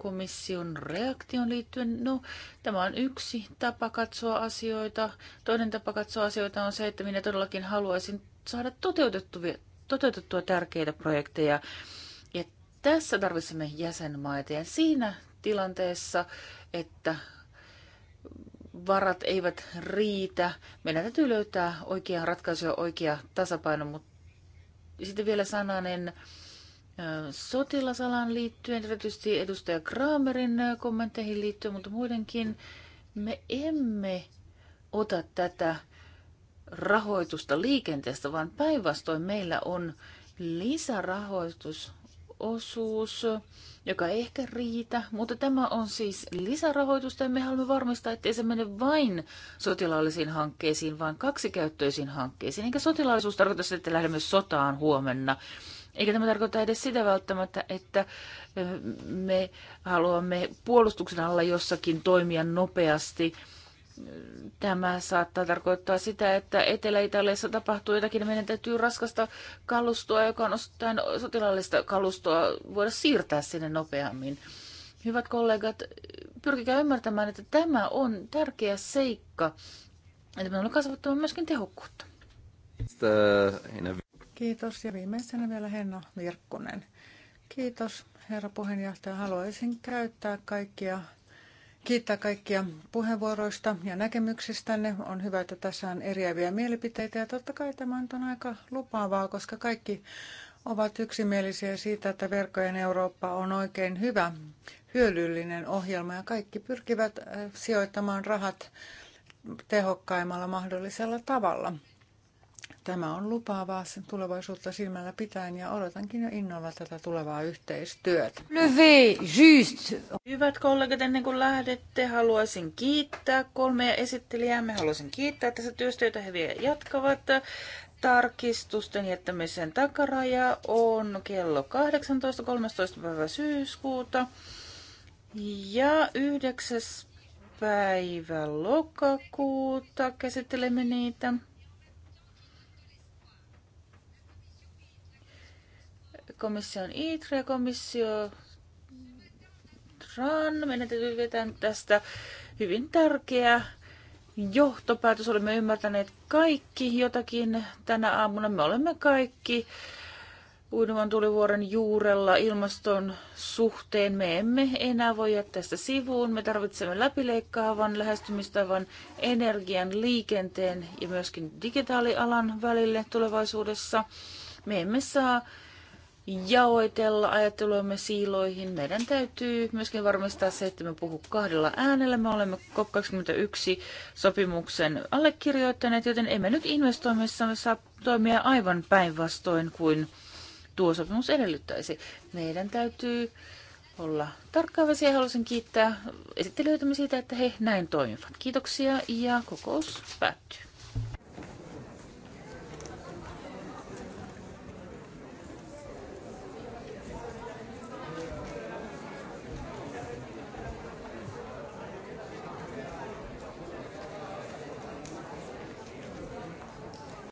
komission reaktion liittyen, no tämä on yksi tapa katsoa asioita. Toinen tapa katsoa asioita on se, että minä todellakin haluaisin saada toteutettuvia toteutettua tärkeitä projekteja. Ja tässä tarvitsemme jäsenmaita ja siinä tilanteessa, että varat eivät riitä. Meidän täytyy löytää oikea ratkaisu ja oikea tasapaino, mutta sitten vielä sananen sotilasalan liittyen, erityisesti edustaja Kramerin kommentteihin liittyen, mutta muidenkin. Me emme ota tätä rahoitusta liikenteestä, vaan päinvastoin meillä on lisärahoitusosuus, joka ei ehkä riitä, mutta tämä on siis lisärahoitusta ja me haluamme varmistaa, ettei se mene vain sotilaallisiin hankkeisiin, vaan kaksikäyttöisiin hankkeisiin. Eikä sotilaallisuus tarkoita sitä, että lähdemme sotaan huomenna. Eikä tämä tarkoita edes sitä välttämättä, että me haluamme puolustuksen alla jossakin toimia nopeasti – Tämä saattaa tarkoittaa sitä, että Etelä-Italiassa tapahtuu jotakin. Meidän täytyy raskasta kalustoa, joka on osittain sotilaallista kalustoa, voida siirtää sinne nopeammin. Hyvät kollegat, pyrkikää ymmärtämään, että tämä on tärkeä seikka, että me ollaan kasvattamaan myöskin tehokkuutta. Kiitos. Ja viimeisenä vielä Henna Virkkunen. Kiitos, herra puheenjohtaja. Haluaisin käyttää kaikkia kiittää kaikkia puheenvuoroista ja näkemyksistänne. On hyvä, että tässä on eriäviä mielipiteitä ja totta kai tämä on aika lupaavaa, koska kaikki ovat yksimielisiä siitä, että verkkojen Eurooppa on oikein hyvä, hyödyllinen ohjelma ja kaikki pyrkivät äh, sijoittamaan rahat tehokkaimmalla mahdollisella tavalla. Tämä on lupaavaa sen tulevaisuutta silmällä pitäen ja odotankin jo innolla tätä tulevaa yhteistyötä. Levé, just! Hyvät kollegat, ennen kuin lähdette, haluaisin kiittää kolmea esittelijäämme. Haluaisin kiittää tässä työstä, jota he vielä jatkavat. Tarkistusten jättämisen takaraja on kello 18.13. päivä syyskuuta ja 9. päivä lokakuuta käsittelemme niitä. komission ITRE ja komissio TRAN. Meidän täytyy vetää tästä hyvin tärkeä johtopäätös. Olemme ymmärtäneet kaikki jotakin tänä aamuna. Me olemme kaikki uudemman tulivuoren juurella ilmaston suhteen. Me emme enää voi jättää sitä sivuun. Me tarvitsemme läpileikkaavan lähestymistavan energian, liikenteen ja myöskin digitaalialan välille tulevaisuudessa. Me emme saa jaoitella ajatteluamme siiloihin. Meidän täytyy myöskin varmistaa se, että me puhu kahdella äänellä. Me olemme COP21 sopimuksen allekirjoittaneet, joten emme nyt investoimissa saa toimia aivan päinvastoin kuin tuo sopimus edellyttäisi. Meidän täytyy olla tarkkaavaisia ja haluaisin kiittää esittelijöitämme siitä, että he näin toimivat. Kiitoksia ja kokous päättyy.